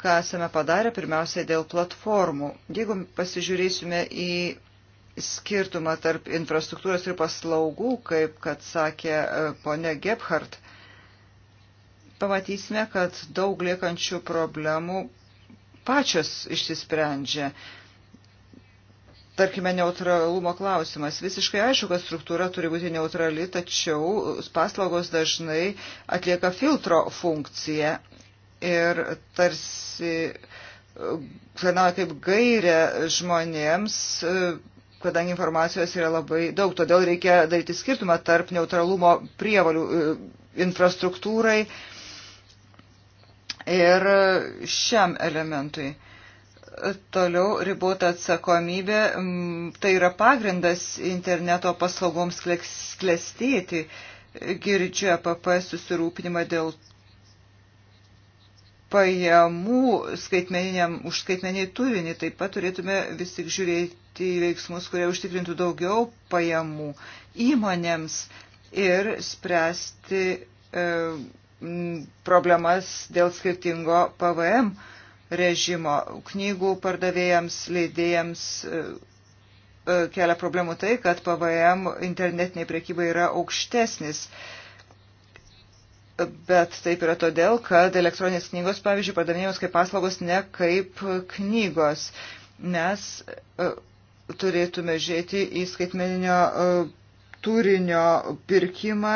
ką esame padarę, pirmiausiai dėl platformų. Jeigu pasižiūrėsime į skirtumą tarp infrastruktūros ir paslaugų, kaip kad sakė e, ponia Gebhardt, pamatysime, kad daug liekančių problemų pačios išsisprendžia tarkime, neutralumo klausimas. Visiškai aišku, kad struktūra turi būti neutrali, tačiau paslaugos dažnai atlieka filtro funkciją ir tarsi e, tarnauja kaip gairė žmonėms, e, kadangi informacijos yra labai daug. Todėl reikia daryti skirtumą tarp neutralumo prievalių e, infrastruktūrai ir šiam elementui toliau ribota atsakomybė, tai yra pagrindas interneto paslaugoms klestėti. Girdžiu APP e susirūpinimą dėl pajamų skaitmeniniam, už skaitmeninį turinį. Taip pat turėtume vis tik žiūrėti į veiksmus, kurie užtikrintų daugiau pajamų įmonėms ir spręsti e, problemas dėl skirtingo PVM. E, režimo. Knygų pardavėjams, leidėjams e, e, kelia problemų tai, kad PVM internetiniai priekybai yra aukštesnis. Bet taip yra todėl, kad elektroninės knygos, pavyzdžiui, pardavinėjamos kaip paslaugos, ne kaip knygos. Mes e, turėtume žiūrėti į skaitmeninio turinio pirkimą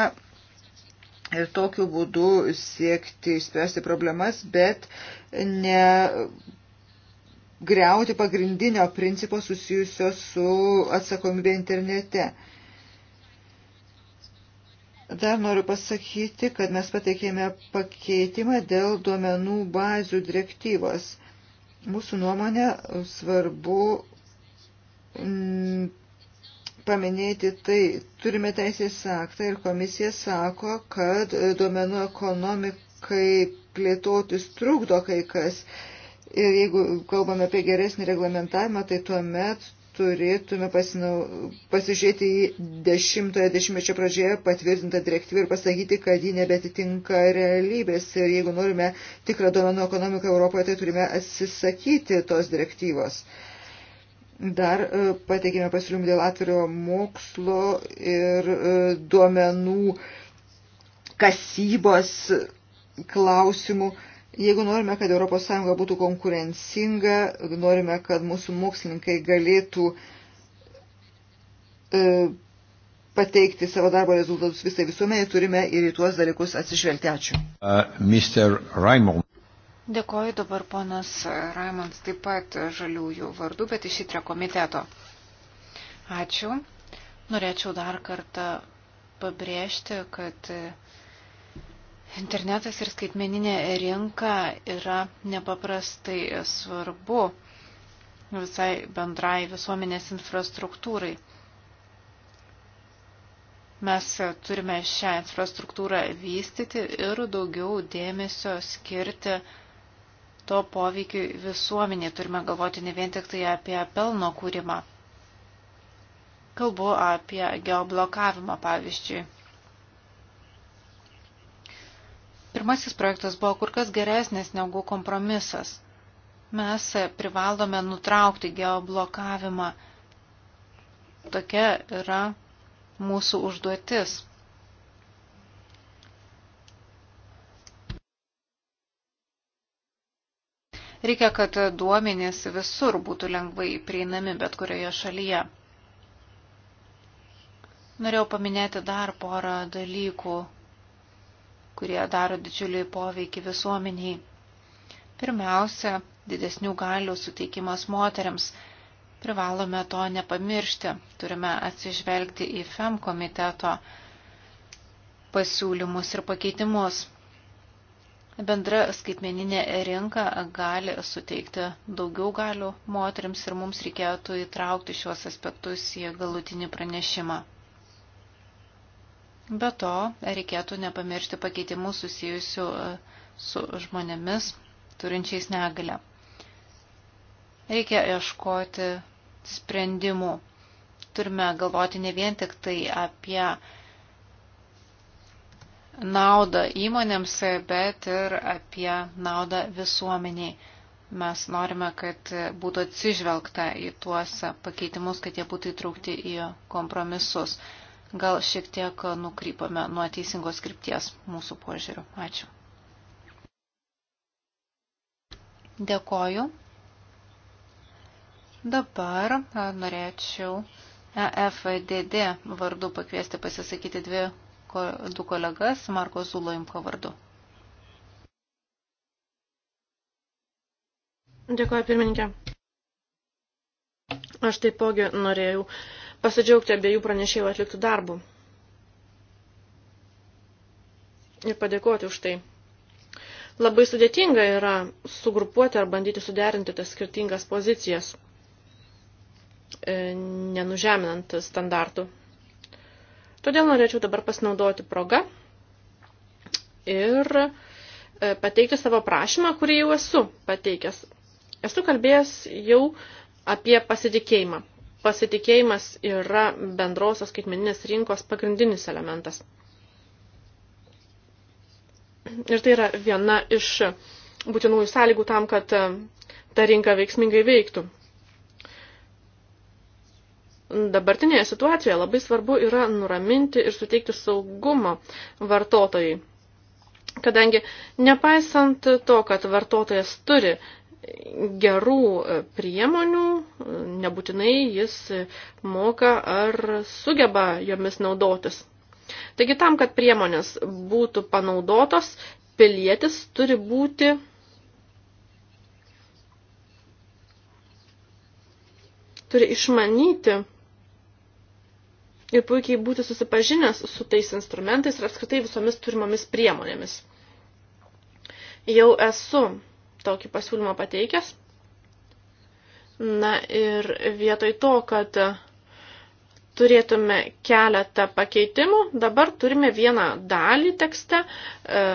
ir tokiu būdu siekti išspręsti problemas, bet ne greuti pagrindinio principo susijusio su atsakomybė internete. Dar noriu pasakyti, kad mes pateikėme pakeitimą dėl duomenų bazių direktyvos. Mūsų nuomonė svarbu paminėti tai, turime teisės aktą ir komisija sako, kad e, duomenų ekonomikai plėtotis trukdo kai kas. Ir jeigu kalbame apie geresnį reglamentavimą, tai tuomet turėtume pasinau, pasižiūrėti į dešimtojo dešimtmečio pradžioje patvirtintą direktyvą ir pasakyti, kad ji nebetitinka realybės. Ir jeigu norime tikrą duomenų ekonomiką Europoje, tai turime atsisakyti tos direktyvos. Uh, Dar e, pateikėme pasiūlymą dėl atvirio mokslo ir e, duomenų kasybos klausimų. Jeigu norime, kad ES būtų konkurencinga, norime, kad mūsų mokslininkai galėtų e, pateikti savo darbo rezultatus visai visuomenė, turime ir į tuos dalykus atsižvelgti. Ačiū. Uh, Dėkoju dabar ponas Raimonds taip pat žaliųjų vardų, bet iš įtrio komiteto. Ačiū. Norėčiau dar kartą pabrėžti, kad internetas ir skaitmeninė rinka yra nepaprastai svarbu visai bendrai visuomenės infrastruktūrai. Mes turime šią infrastruktūrą vystyti ir daugiau dėmesio skirti to poveikiu visuomenė. Turime galvoti ne vien tik tai apie pelno kūrimą. Kalbu apie geoblokavimą, pavyzdžiui. Pirmasis projektas buvo kur kas geresnis negu kompromisas. Mes privalome nutraukti geoblokavimą. Tokia yra mūsų užduotis. Reikia, kad duomenys visur būtų lengvai prieinami bet kurioje šalyje. Norėjau paminėti dar porą dalykų, kurie daro didžiulį poveikį visuomeniai. Pirmiausia, didesnių galių suteikimas moteriams. Privalome to nepamiršti. Turime atsižvelgti į FEM komiteto pasiūlymus ir pakeitimus. Bendra skaitmeninė rinka gali suteikti daugiau galių moteriams ir mums reikėtų įtraukti šiuos aspektus į galutinį pranešimą. Be to, reikėtų nepamiršti pakeitimų susijusių e, su žmonėmis turinčiais negalę. Reikia ieškoti sprendimų. Turime galvoti ne vien tik tai apie naudą įmonėms, bet ir apie naudą visuomeniai. Mes norime, kad būtų atsižvelgta į tuos pakeitimus, kad jie būtų įtraukti į kompromisus. Gal šiek tiek nukrypame nuo teisingos skripties mūsų požiūrių. Ačiū. Dėkoju. Dabar norėčiau EFDD vardu pakviesti pasisakyti dvi du kolegas Marko Zuloimko vardu. Dėkuoju, pirmininkė. Aš taipogi norėjau pasidžiaugti abiejų pranešėjų atliktų darbų. Ir padėkoti už tai. Labai sudėtinga yra sugrupuoti ar bandyti suderinti tas skirtingas pozicijas, e, nenužeminant standartų Todėl norėčiau dabar pasinaudoti progą ir e, pateikti savo prašymą, kurį jau esu pateikęs. Esu kalbėjęs jau apie pasitikėjimą. Pasitikėjimas yra bendrosios skaitmeninės rinkos pagrindinis elementas. Ir tai yra viena iš būtinųjų sąlygų tam, kad e, ta rinka veiksmingai veiktų dabartinėje situacijoje labai svarbu yra nuraminti ir suteikti saugumą vartotojai. Kadangi nepaisant to, kad vartotojas turi gerų priemonių, nebūtinai jis moka ar sugeba jomis naudotis. Taigi tam, kad priemonės būtų panaudotos, pilietis turi būti turi išmanyti ir puikiai būti susipažinęs su tais instrumentais ir apskritai visomis turimomis priemonėmis. Jau esu tokį pasiūlymą pateikęs. Na ir vietoj to, kad turėtume keletą pakeitimų, dabar turime vieną dalį tekste, e,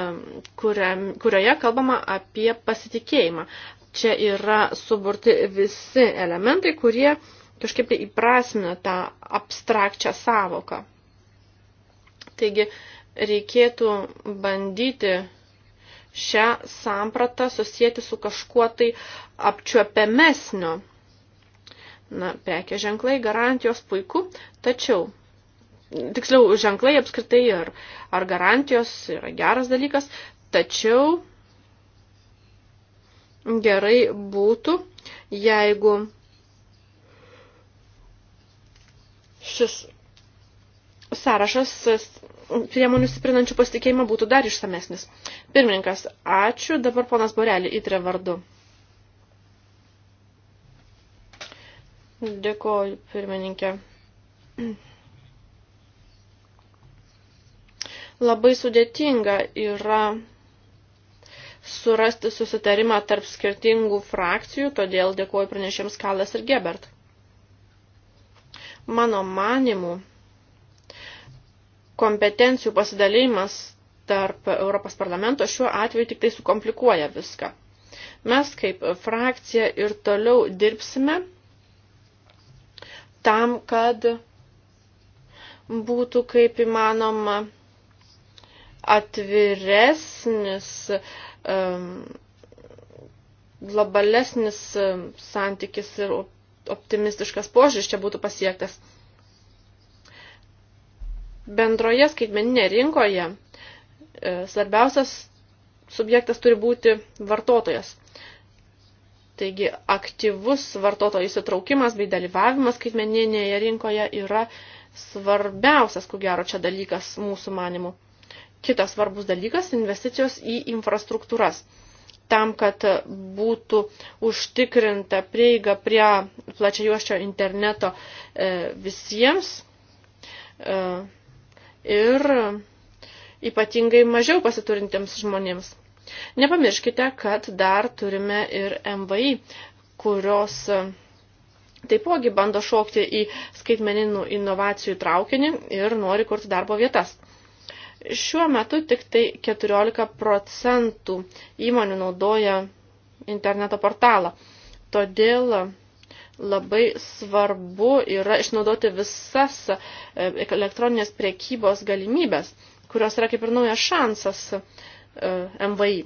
kurioje kalbama apie pasitikėjimą. Čia yra suburti visi elementai, kurie uh, kažkaip tai įprasmina tą abstrakčią savoką. Taigi reikėtų bandyti šią sampratą susijęti su kažkuo tai apčiuopiamesnio. Na, prekė ženklai, garantijos puiku, tačiau, tiksliau, ženklai apskritai ar, ar garantijos yra geras dalykas, tačiau gerai būtų, jeigu šis sąrašas priemonių stiprinančių pasitikėjimą būtų dar išsamesnis. Pirmininkas, ačiū. Dabar ponas Borelį įtrė vardu. Dėkoju, pirmininkė. Labai sudėtinga yra surasti susitarimą tarp skirtingų frakcijų, todėl dėkoju pranešėms Kalas ir Gebert. Mano manimu, kompetencijų pasidalėjimas tarp Europos parlamento šiuo atveju tik tai sukomplikuoja viską. Mes kaip frakcija ir toliau dirbsime tam, kad būtų kaip įmanoma atviresnis, globalesnis santykis ir optimistiškas požiūris čia būtų pasiektas. Bendroje skaitmeninė rinkoje e, svarbiausias subjektas turi būti vartotojas. Taigi aktyvus vartotojų įsitraukimas bei dalyvavimas skaitmeninėje rinkoje yra svarbiausias, ku gero, čia dalykas mūsų manimu. Kitas svarbus dalykas – investicijos į infrastruktūras tam, kad būtų užtikrinta prieiga prie plačiajuoščio interneto e, visiems e, ir ypatingai mažiau pasiturintiems žmonėms. Nepamirškite, kad dar turime ir MVI, kurios e, taipogi bando šokti į skaitmeninų inovacijų traukinį ir nori kurti darbo vietas. Šiuo metu tik tai 14 procentų įmonių naudoja interneto portalą. Todėl labai svarbu yra išnaudoti visas e, elektroninės priekybos galimybės, kurios yra kaip ir naujas šansas e, MVI.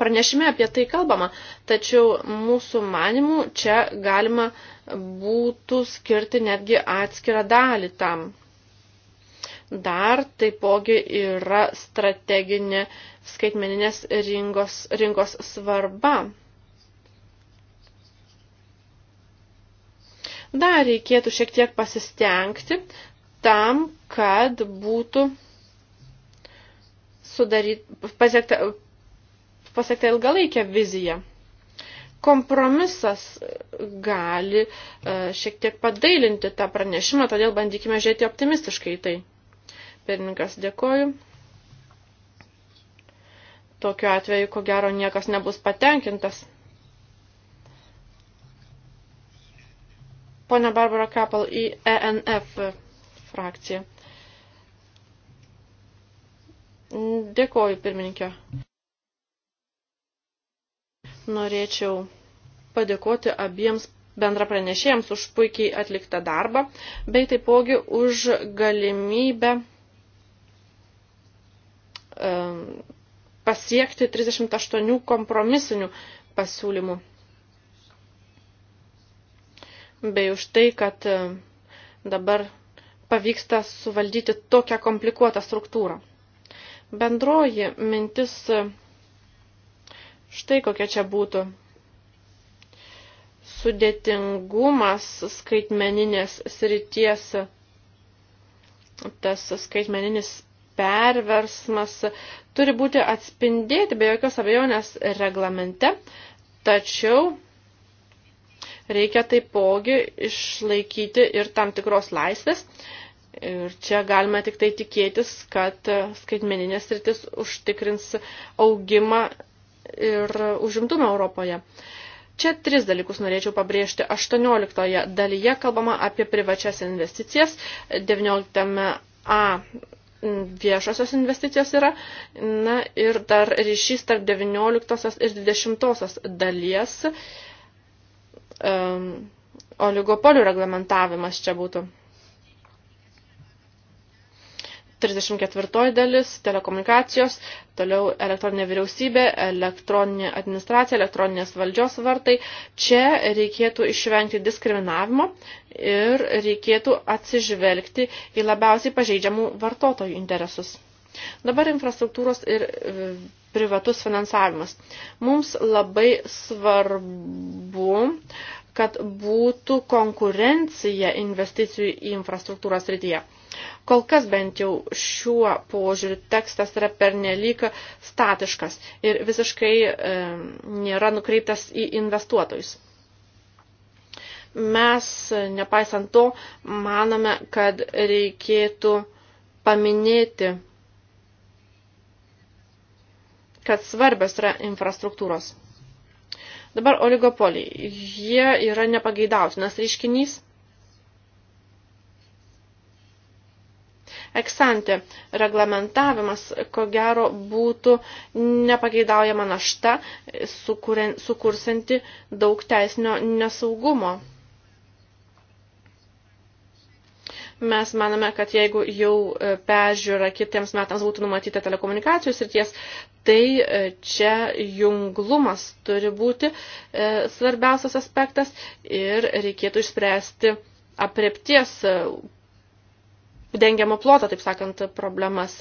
Pranešime apie tai kalbama, tačiau mūsų manimų čia galima būtų skirti netgi atskirą dalį tam Dar taipogi yra strateginė skaitmeninės rinkos, rinkos svarba. Dar reikėtų šiek tiek pasistengti tam, kad būtų sudaryt, pasiekta, pasiekta ilgalaikė vizija. Kompromisas gali e, šiek tiek padailinti tą pranešimą, todėl bandykime žiūrėti optimistiškai tai. Pirmininkas, dėkoju. Tokiu atveju, ko gero, niekas nebus patenkintas. Pone Barbara Kapal į ENF frakciją. Dėkoju, pirmininkė. Norėčiau padėkoti abiems bendrapranešėjams už puikiai atliktą darbą, bei taipogi už galimybę pasiekti 38 kompromisinių pasiūlymų. Bei už tai, kad dabar pavyksta suvaldyti tokią komplikuotą struktūrą. Bendroji mintis štai kokia čia būtų. Sudėtingumas skaitmeninės srities, tas skaitmeninis perversmas turi būti atspindėti be jokios abejonės reglamente, tačiau reikia taipogi išlaikyti ir tam tikros laisvės. Ir čia galime tik tai tikėtis, kad skaitmeninės rytis užtikrins augimą ir užimtumą Europoje. Čia tris dalykus norėčiau pabrėžti. 18 dalyje kalbama apie privačias investicijas, 19 A viešosios investicijos yra. Na ir dar ryšys tarp 19 ir 20 dalies um, oligopolių reglamentavimas čia būtų. 34 dalis – telekomunikacijos, toliau elektroninė vyriausybė, elektroninė administracija, elektroninės valdžios vartai. Čia reikėtų išvengti diskriminavimo ir reikėtų atsižvelgti į labiausiai pažeidžiamų vartotojų interesus. Dabar infrastruktūros ir e, privatus finansavimas. Mums labai svarbu, kad būtų konkurencija investicijų į infrastruktūros rytyje. Kol kas bent jau šiuo požiūriu tekstas yra pernelyg statiškas ir visiškai e, nėra nukreiptas į investuotojus. Mes, nepaisant to, manome, kad reikėtų paminėti, kad svarbios yra infrastruktūros. Dabar oligopoliai. Jie yra nepageidautinas reiškinys eksantė reglamentavimas, ko gero, būtų nepageidaujama našta, sukursanti daug teisinio nesaugumo. Mes manome, kad jeigu jau e, pežiūra kitiems metams būtų numatyta telekomunikacijų srities, tai e, čia junglumas turi būti e, svarbiausias aspektas ir reikėtų išspręsti aprepties dengiamo ploto, taip sakant, problemas.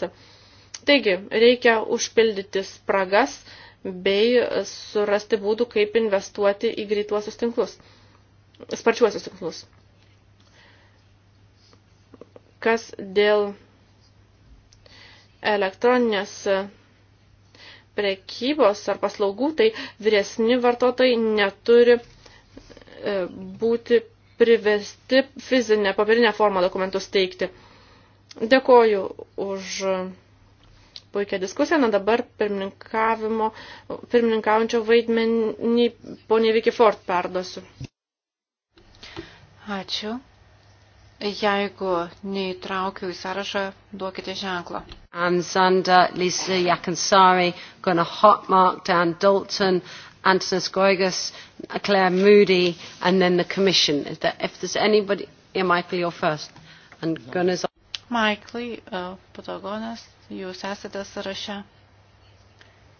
Taigi, reikia užpildyti spragas bei surasti būdų, kaip investuoti į greituosius tinklus, sparčiuosius tinklus. Kas dėl elektroninės prekybos ar paslaugų, tai vyresni vartotojai neturi e, būti privesti fizinę papirinę formą dokumentus teikti. Dėkoju už puikia diskusija. Na dabar pirmininkavimo, pirmininkaujančio vaidmenį ponė Vicky Ford perdosiu. Ačiū. Jeigu neįtraukiu į sąrašą, duokite ženklą. Ann Zander, Lisa Jakansari, Gunnar Hotmark, Dan Dalton, Antonis Goigas, Claire Moody, and then the Commission. If there's anybody, yeah, Michael, you're first. And Gunnar's Maiklai, e, patogonas, jūs esate sąraše.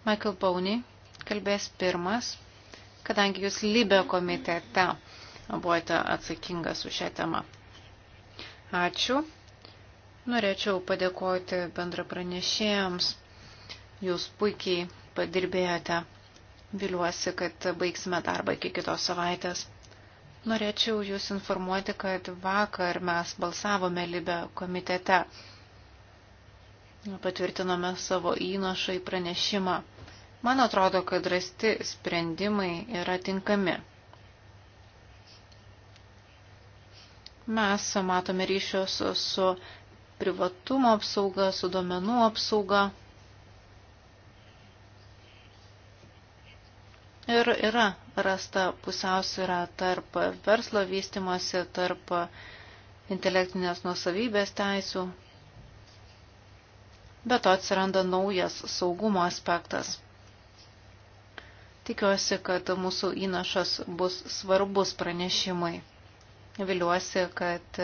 Michael Boney kalbės pirmas, kadangi jūs Libė komitete buvote atsakingas už šią temą. Ačiū. Norėčiau padėkoti bendra pranešėjams. Jūs puikiai padirbėjote. Viliuosi, kad baigsime darbą iki kitos savaitės. Norėčiau Jūs informuoti, kad vakar mes balsavome Libe komitete. Patvirtinome savo įnašą į pranešimą. Man atrodo, kad rasti sprendimai yra tinkami. Mes matome ryšius su privatumo apsauga, su domenų apsauga. ir yra rasta pusiausvyrą tarp verslo vystimosi, tarp intelektinės nusavybės teisų. Be to atsiranda naujas saugumo aspektas. Tikiuosi, kad mūsų įnašas bus svarbus pranešimui. Viliuosi, kad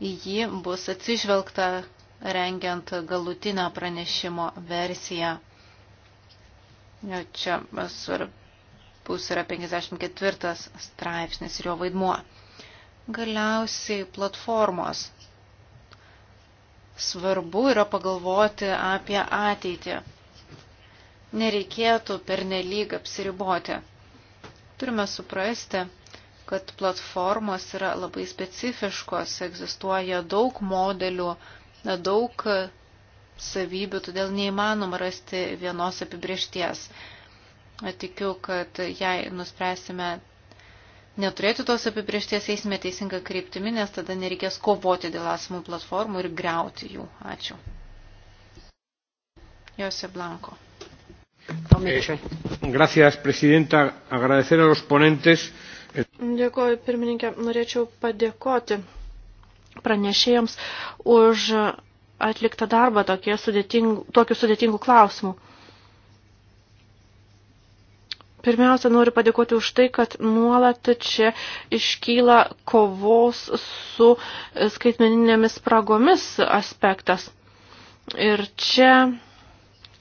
į jį bus atsižvelgta rengiant galutinę pranešimo versiją. Čia svarbus yra 54 straipsnis ir jo vaidmuo. Galiausiai platformos. Svarbu yra pagalvoti apie ateitį. Nereikėtų pernelyg apsiriboti. Turime suprasti, kad platformos yra labai specifiškos, egzistuoja daug modelių, daug savybių, todėl neįmanoma rasti vienos apibriešties. Tikiu, kad jei nuspręsime neturėti tos apibriešties, eisime teisinga kryptimi, nes tada nereikės kovoti dėl esamų platformų ir greuti jų. Ačiū. Jose Blanco. Eh, gracias, presidenta. Agradecer a los ponentes. Dėkuoju, pirmininkė. Norėčiau padėkoti pranešėjams už atliktą darbą sudėtingų, tokių sudėtingų klausimų. Pirmiausia, noriu padėkoti už tai, kad nuolat čia iškyla kovos su skaitmeninėmis spragomis aspektas. Ir čia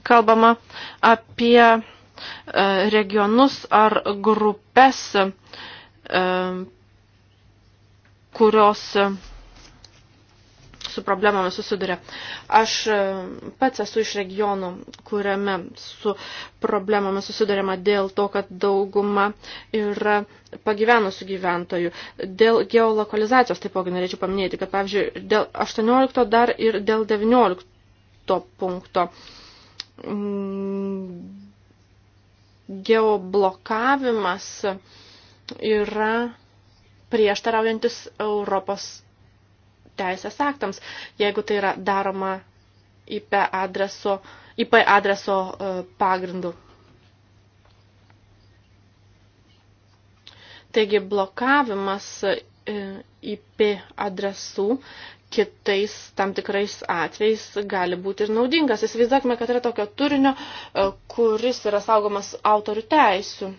kalbama apie e, regionus ar grupės, e, kurios su problemomis susiduria. Aš e, pats esu iš regionų, kuriame su problemomis susidurima dėl to, kad dauguma yra pagyvenusių gyventojų. Dėl geolokalizacijos taipogi norėčiau paminėti, kad pavyzdžiui, dėl 18 dar ir dėl 19 punkto mm, geoblokavimas yra prieštaraujantis Europos teisės aktams, jeigu tai yra daroma IP adreso, IP adreso e, pagrindu. Taigi blokavimas e, IP adresų kitais tam tikrais atvejais gali būti ir naudingas. Įsivaizduokime, kad yra tokio turinio, e, kuris yra saugomas autorių teisių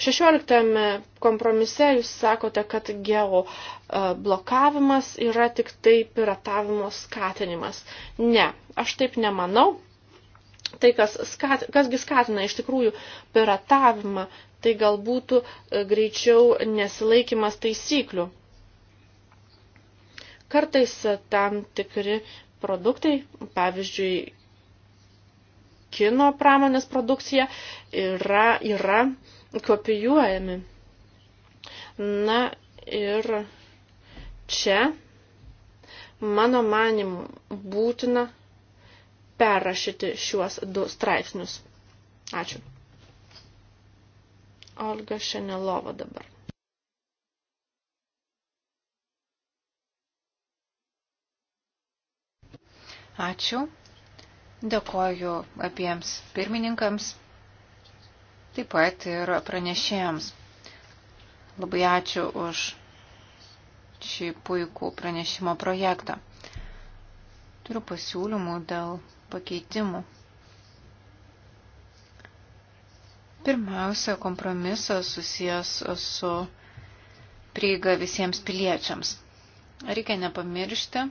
16 kompromise jūs sakote, kad geo e, blokavimas yra tik tai piratavimo skatinimas. Ne, aš taip nemanau. Tai, kas skat, kasgi skatina iš tikrųjų piratavimą, tai galbūt e, greičiau nesilaikimas taisyklių. Kartais tam tikri produktai, pavyzdžiui, kino pramonės produkcija yra, yra kopijuojami. Na ir čia, mano manimu, būtina perrašyti šiuos du straipsnius. Ačiū. Olga Šenelova dabar. Ačiū. Dėkoju abiems pirmininkams taip pat ir pranešėjams. Labai ačiū už šį puikų pranešimo projektą. Turiu pasiūlymų dėl pakeitimų. Pirmiausia, kompromisas susijęs su prieiga visiems piliečiams. Reikia nepamiršti,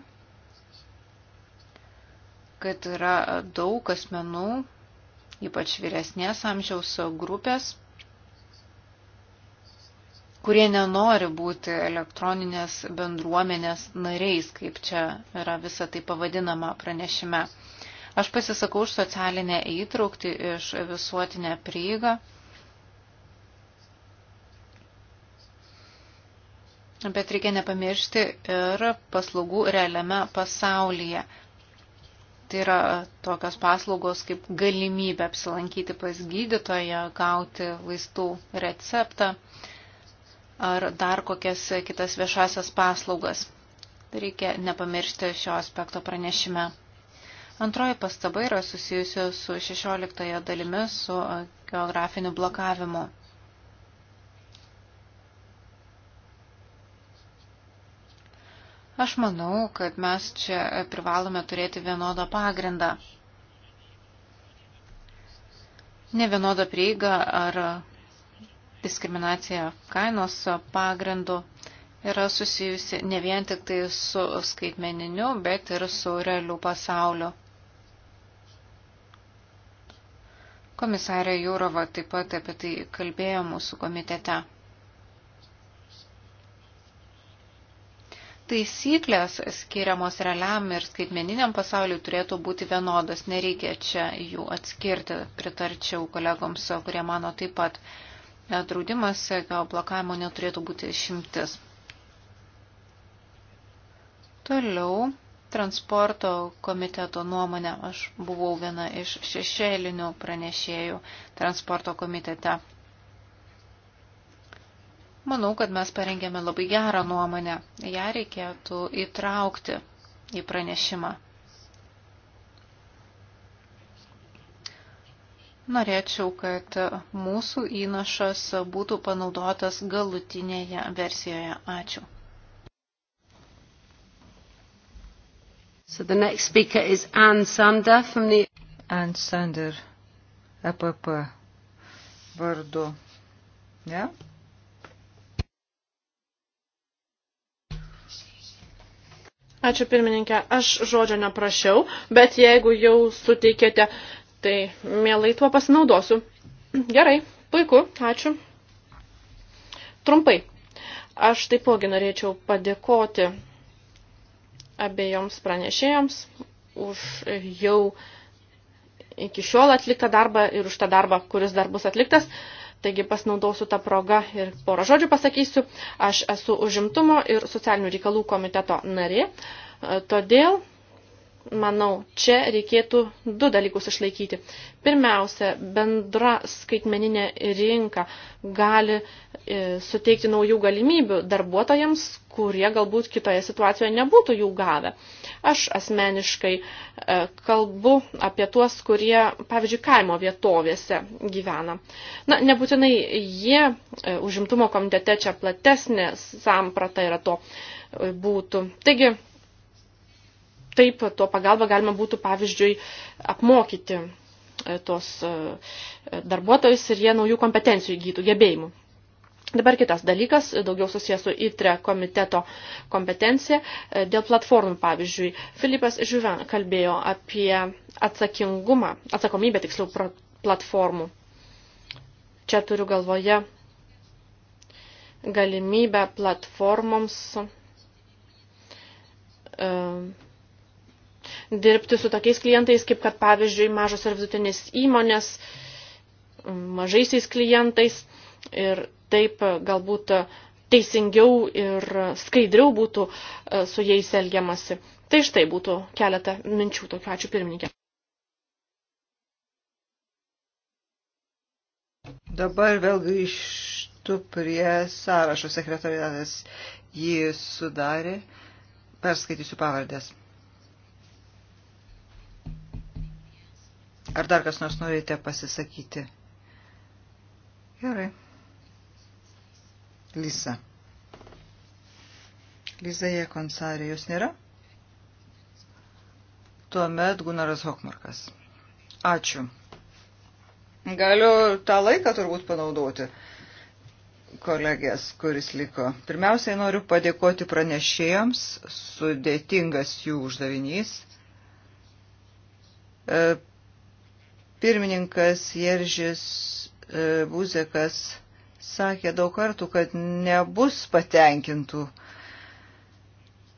kad yra daug asmenų, ypač vyresnės amžiaus grupės, kurie nenori būti elektroninės bendruomenės nariais, kaip čia yra visa tai pavadinama pranešime. Aš pasisakau už socialinę įtraukti, iš visuotinę prieigą. Bet reikia nepamiršti ir paslaugų realiame pasaulyje. Tai yra tokios paslaugos kaip galimybė apsilankyti pas gydytoją, gauti vaistų receptą ar dar kokias kitas viešasias paslaugas. Reikia nepamiršti šio aspekto pranešime. Antroji pastaba yra susijusi su 16 dalimi su geografiniu blokavimu. Aš manau, kad mes čia privalome turėti vienodą pagrindą. Ne vienodą prieigą ar diskriminacija kainos pagrindu yra susijusi ne vien tik tai su skaitmeniniu, bet ir su realiu pasauliu. Komisarė Jūrova taip pat apie tai kalbėjo mūsų komitete. taisyklės skiriamos realiam ir skaitmeniniam pasauliu turėtų būti vienodos, nereikia čia jų atskirti, pritarčiau kolegoms, kurie mano taip pat. E, draudimas e, geoblokavimo neturėtų būti šimtis. Toliau transporto komiteto nuomonė. Aš buvau viena iš šešėlinių pranešėjų transporto komitete. Manau, kad mes parengėme labai gerą nuomonę. Ja reikėtų įtraukti į pranešimą. Norėčiau, kad mūsų įnašas būtų panaudotas galutinėje versijoje. Ačiū. So the next speaker is Ann Sander from the... Ann Sander, EPP vardu. Ne? Yeah? Ačiū pirmininkė, aš žodžio neprašiau, bet jeigu jau suteikėte, tai mielai tuo pasinaudosiu. Gerai, puiku, ačiū. Trumpai, aš taipogi norėčiau padėkoti abiejoms pranešėjams už jau iki šiol atliktą darbą ir už tą darbą, kuris dar bus atliktas. Taigi pasinaudosiu tą progą ir porą žodžių pasakysiu. Aš esu užimtumo ir socialinių reikalų komiteto narė, todėl manau, čia reikėtų du dalykus išlaikyti. Pirmiausia, bendra skaitmeninė rinka gali e, suteikti naujų galimybių darbuotojams, kurie galbūt kitoje situacijoje nebūtų jų gavę. Aš asmeniškai e, kalbu apie tuos, kurie, pavyzdžiui, kaimo vietovėse gyvena. Na, nebūtinai jie e, užimtumo komitete čia platesnė samprata yra to e, būtų. Taigi, taip to pagalba galima būtų, pavyzdžiui, apmokyti e, tos e, darbuotojus ir jie naujų kompetencijų įgytų gebėjimų. Dabar kitas dalykas, daugiau susijęs su ITRE komiteto kompetencija, e, dėl platformų, pavyzdžiui, Filipas Žiūven kalbėjo apie atsakingumą, atsakomybę tiksliau platformų. Čia turiu galvoje galimybę platformoms uh, dirbti su tokiais klientais, kaip kad pavyzdžiui mažos ir vidutinės įmonės, mažaisiais klientais ir taip galbūt teisingiau ir skaidriau būtų e, su jais elgiamasi. Tai štai būtų keletą minčių tokiu ačiū pirmininkė. Dabar vėl grįžtu prie sąrašo sekretariatas jį sudarė. Perskaitysiu pavardės. Ar dar kas nors norite pasisakyti? Gerai. Lisa. Liza Jekonsarė, jūs nėra? Tuomet Gunaras Hokmarkas. Ačiū. Galiu tą laiką turbūt panaudoti kolegės, kuris liko. Pirmiausiai noriu padėkoti pranešėjams, sudėtingas jų uždavinys. E, Pirmininkas Jeržis e, Buzekas sakė daug kartų, kad nebus patenkintų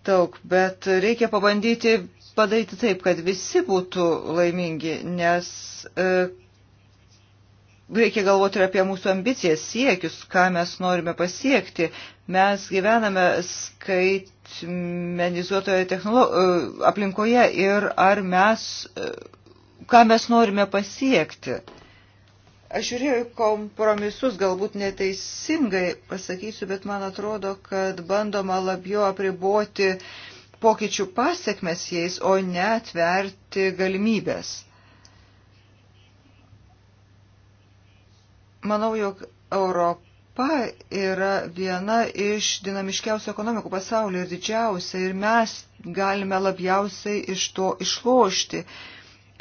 daug, bet reikia pabandyti padaryti taip, kad visi būtų laimingi, nes e, reikia galvoti ir apie mūsų ambicijas, siekius, ką mes norime pasiekti. Mes gyvename skaitmenizuotoje technolo, e, aplinkoje ir ar mes e, ką mes norime pasiekti. Aš žiūrėjau kompromisus, galbūt neteisingai pasakysiu, bet man atrodo, kad bandoma labiau apriboti pokyčių pasiekmes jais, o ne atverti galimybės. Manau, jog Europa yra viena iš dinamiškiausių ekonomikų pasaulyje ir didžiausia, ir mes galime labiausiai iš to išlošti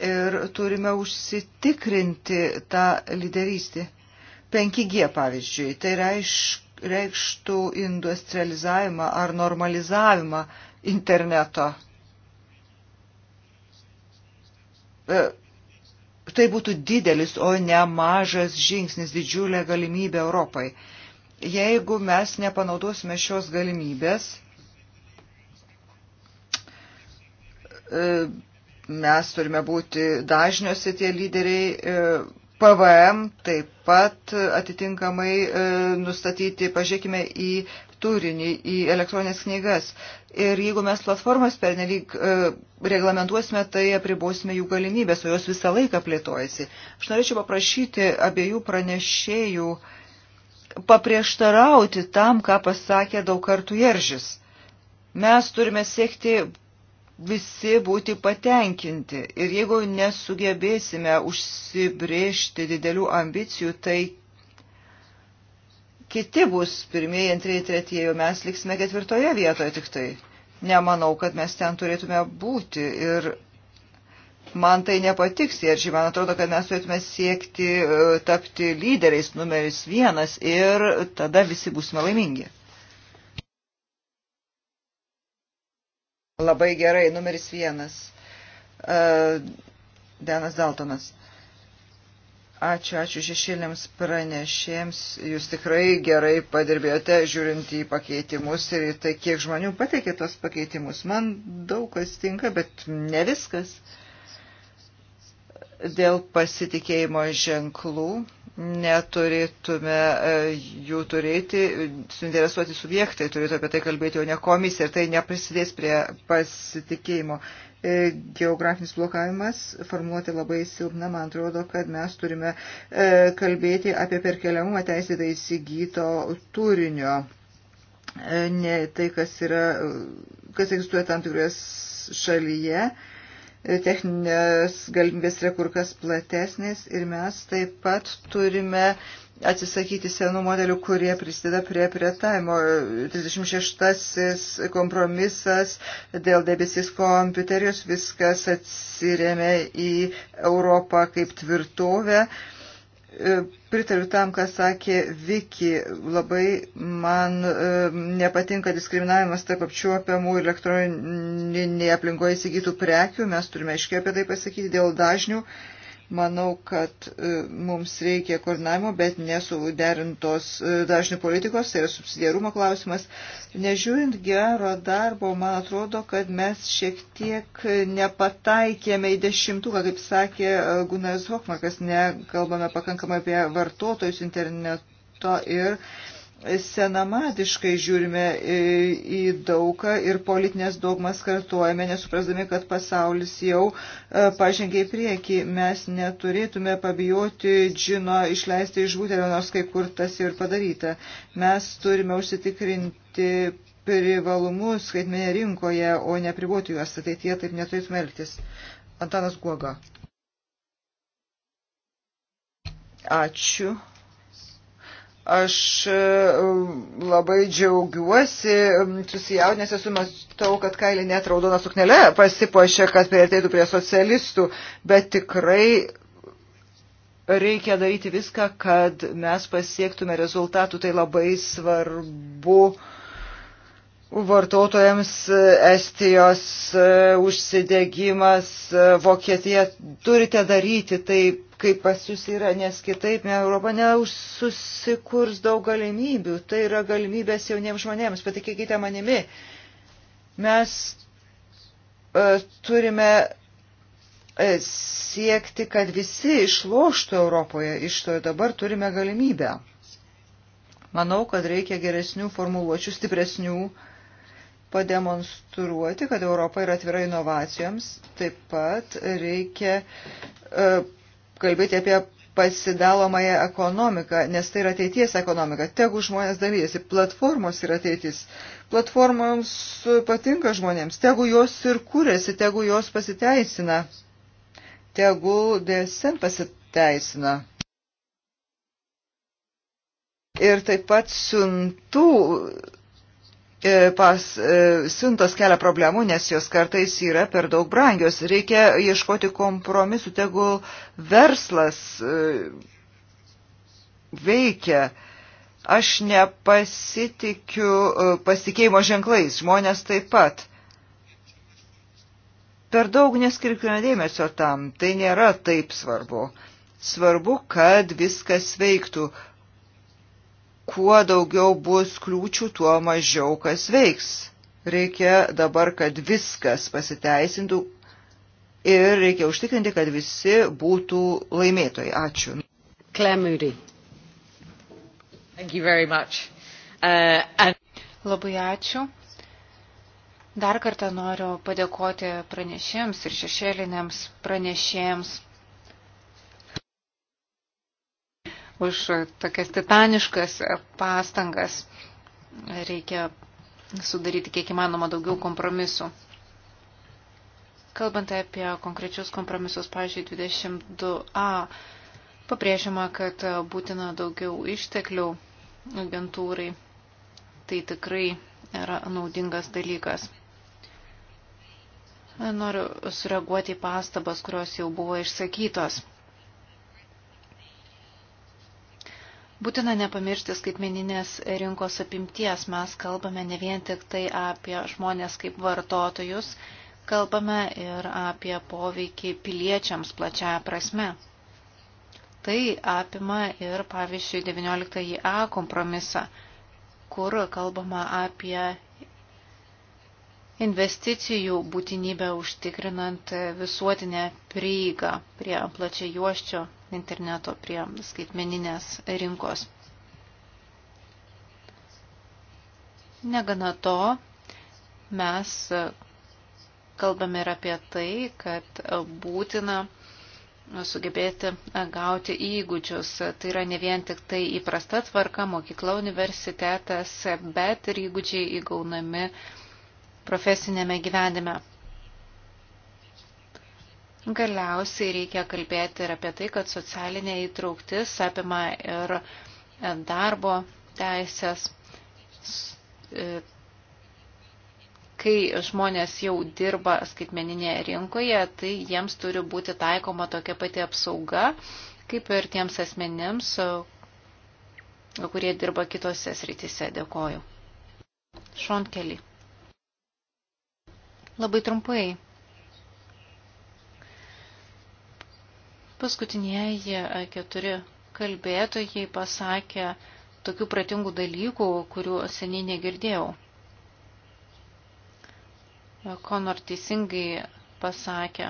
ir turime užsitikrinti tą lyderystį. 5G pavyzdžiui, tai reiš, reikštų industrializavimą ar normalizavimą interneto. E, tai būtų didelis, o ne mažas žingsnis, didžiulė galimybė Europai. Jeigu mes nepanaudosime šios galimybės, e, mes turime būti dažniuose tie lyderiai. E, PVM taip pat atitinkamai e, nustatyti, pažiūrėkime į turinį, į elektroninės knygas. Ir jeigu mes platformas pernelyg e, reglamentuosime, tai apribosime jų galimybės, o jos visą laiką plėtojasi. Aš norėčiau paprašyti abiejų pranešėjų paprieštarauti tam, ką pasakė daug kartų Jeržis. Mes turime siekti visi būti patenkinti. Ir jeigu nesugebėsime užsibriežti didelių ambicijų, tai kiti bus pirmieji, antrieji, tretieji, o mes liksime ketvirtoje vietoje tik tai. Nemanau, kad mes ten turėtume būti ir man tai nepatiks, Jeržiai, man atrodo, kad mes turėtume siekti e, tapti lyderiais numeris vienas ir tada visi būsime laimingi. Labai gerai, numeris vienas. E, Denas Daltonas. Ačiū, ačiū šešėliams pranešėjams. Jūs tikrai gerai padirbėjote, žiūrint į pakeitimus ir į tai, kiek žmonių pateikė tos pakeitimus. Man daug kas tinka, bet ne viskas. Uh, dėl pasitikėjimo ženklų neturėtume e, jų turėti, suinteresuoti subjektai turėtų apie tai kalbėti, o ne komisija, ir tai neprisidės prie pasitikėjimo. E, geografinis blokavimas formuoti labai silpna, man atrodo, kad mes turime e, kalbėti apie perkeliamumą teisėtai įsigyto turinio, ne tai, kas, yra, kas egzistuoja tam tikroje šalyje techninės galimybės yra kur kas platesnės ir mes taip pat turime atsisakyti senų modelių, kurie prisideda prie prietaimo. 36 kompromisas dėl debesis kompiuterijos viskas atsiriame į Europą kaip tvirtovę. E, E, pritariu tam, ką sakė Viki. Labai man e, nepatinka diskriminavimas tarp apčiuopiamų ir elektroninėje aplinkoje įsigytų prekių. Mes turime aiškiai apie tai pasakyti dėl dažnių. E, Manau, kad e, mums reikia koordinavimo, bet nesuderintos e, dažnių politikos, tai yra subsidiarumo klausimas. Nežiūrint gero darbo, man atrodo, kad mes šiek tiek nepataikėme į dešimtuką, kaip sakė e, Gunas Hokmarkas, nekalbame pakankamai apie vartotojus interneto ir senamadiškai žiūrime į daugą ir politinės dogmas kartuojame, nesuprasdami, kad pasaulis jau e, pažengė į priekį. Mes neturėtume pabijoti džino išleisti iš būtelio, nors kai kur tas ir padaryta. Mes turime užsitikrinti privalumus skaitmenė rinkoje, o nepriboti juos ateityje, taip neturėtume elgtis. Antanas Guoga. Ačiū. Aš e, labai džiaugiuosi, susijaudinęs esu, matau, kad kailį net raudona suknelė pasipošė, kad prieartėtų prie socialistų, bet tikrai reikia daryti viską, kad mes pasiektume rezultatų. Tai labai svarbu uh, vartotojams e, Estijos e, užsidegimas, e, Vokietija turite daryti taip, kaip pas jūs yra, nes kitaip Europa neužsusikurs daug galimybių. Tai yra galimybės jauniems žmonėms, patikėkite manimi. Mes uh, turime siekti, kad visi išloštų Europoje, iš to dabar turime galimybę. Manau, kad reikia geresnių formuluočių, stipresnių uh, pademonstruoti, kad Europa yra atvira inovacijoms. Taip pat reikia e, kalbėti apie pasidalomąją ekonomiką, nes tai yra ateities ekonomika. Tegu žmonės dalyjasi, platformos yra ateitis. Platformoms patinka žmonėms, tegu jos ir kūrėsi, tegu jos pasiteisina. Tegu DSM pasiteisina. Ir taip pat siuntų E, pas e, siuntos kelia problemų, nes jos kartais yra per daug brangios. Reikia ieškoti kompromisų, tegul verslas e, veikia. Aš nepasitikiu pasikeimo ženklais, žmonės taip pat. Per daug neskirkime dėmesio tam, tai nėra taip svarbu. Svarbu, kad viskas veiktų kuo daugiau bus kliūčių, tuo mažiau kas veiks. Reikia dabar, kad viskas pasiteisintų ir reikia užtikrinti, kad visi būtų laimėtojai. Ačiū. Klemuri. Uh, and... Labai ačiū. Dar kartą noriu padėkoti pranešėjams ir šešėliniams pranešėjams. už tokias titaniškas pastangas. Reikia sudaryti kiek įmanoma daugiau kompromisų. Kalbant apie konkrečius kompromisus, pavyzdžiui, 22a, pabrėžiama, kad būtina daugiau išteklių agentūrai. Tai tikrai yra naudingas dalykas. Noriu sureaguoti į pastabas, kurios jau buvo išsakytos. Būtina nepamiršti skaitmeninės rinkos apimties. Mes kalbame ne vien tik tai apie žmonės kaip vartotojus, kalbame ir apie poveikį piliečiams plačiaja prasme. Tai apima ir, pavyzdžiui, 19a kompromisą, kur kalbama apie investicijų būtinybę užtikrinant visuotinę prieigą prie plačiai juoščio interneto prie skaitmeninės rinkos. Negana to, mes kalbame ir apie tai, kad būtina sugebėti gauti įgūdžius. Tai yra ne vien tik tai įprasta tvarka, mokykla, universitetas, bet ir įgūdžiai įgaunami profesinėme gyvenime. Galiausiai reikia kalbėti ir apie tai, kad socialinė įtrauktis apima ir e, darbo teisės. E, kai žmonės jau dirba skaitmeninėje rinkoje, tai jiems turi būti taikoma tokia pati apsauga, kaip ir tiems asmenims, e, kurie dirba kitose srityse. Dėkoju. Šonkelį. Labai trumpai. Paskutinieji e, keturi kalbėtojai pasakė tokių pratingų dalykų, kurių seniai negirdėjau. E, Konor teisingai pasakė.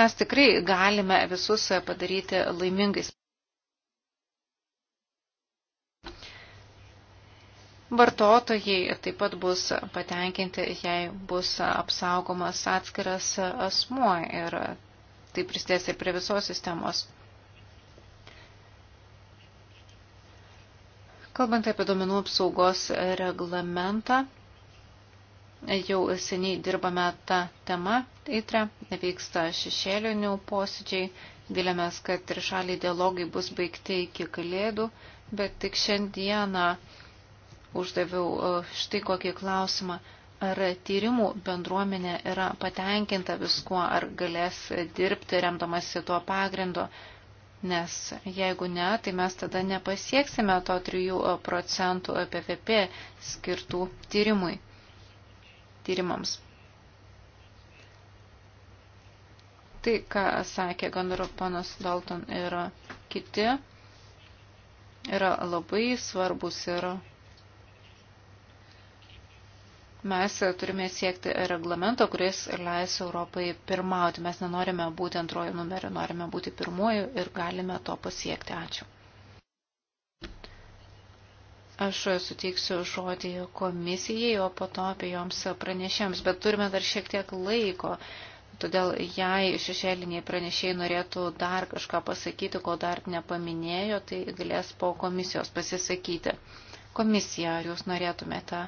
Mes tikrai galime visus e, padaryti laimingais. Vartotojai taip pat bus patenkinti, jei bus apsaugomas atskiras asmuo ir tai pristės ir prie visos sistemos. Kalbant apie duomenų apsaugos reglamentą, jau seniai dirbame tą temą, įtre, nevyksta šešėlinių posėdžiai, vilėmės, kad ir šaliai dialogai bus baigti iki kalėdų, bet tik šiandieną uždaviau e, štai kokį klausimą. Ar tyrimų bendruomenė yra patenkinta viskuo, ar galės dirbti remdamasi tuo pagrindu? Nes jeigu ne, tai mes tada nepasieksime to 3 e, procentų PVP skirtų tyrimui, tyrimams. Tai, ką sakė Gandaro panas Dalton ir kiti, yra labai svarbus ir Mes turime siekti reglamento, kuris leis Europai pirmauti. Mes nenorime būti antrojo numeriu, norime būti pirmuoju ir galime to pasiekti. Ačiū. Aš suteiksiu žodį komisijai, o po to apie joms pranešėms, bet turime dar šiek tiek laiko. Todėl jei šešėliniai pranešėjai norėtų dar kažką pasakyti, ko dar nepaminėjo, tai galės po komisijos pasisakyti. Komisija, ar jūs norėtumėte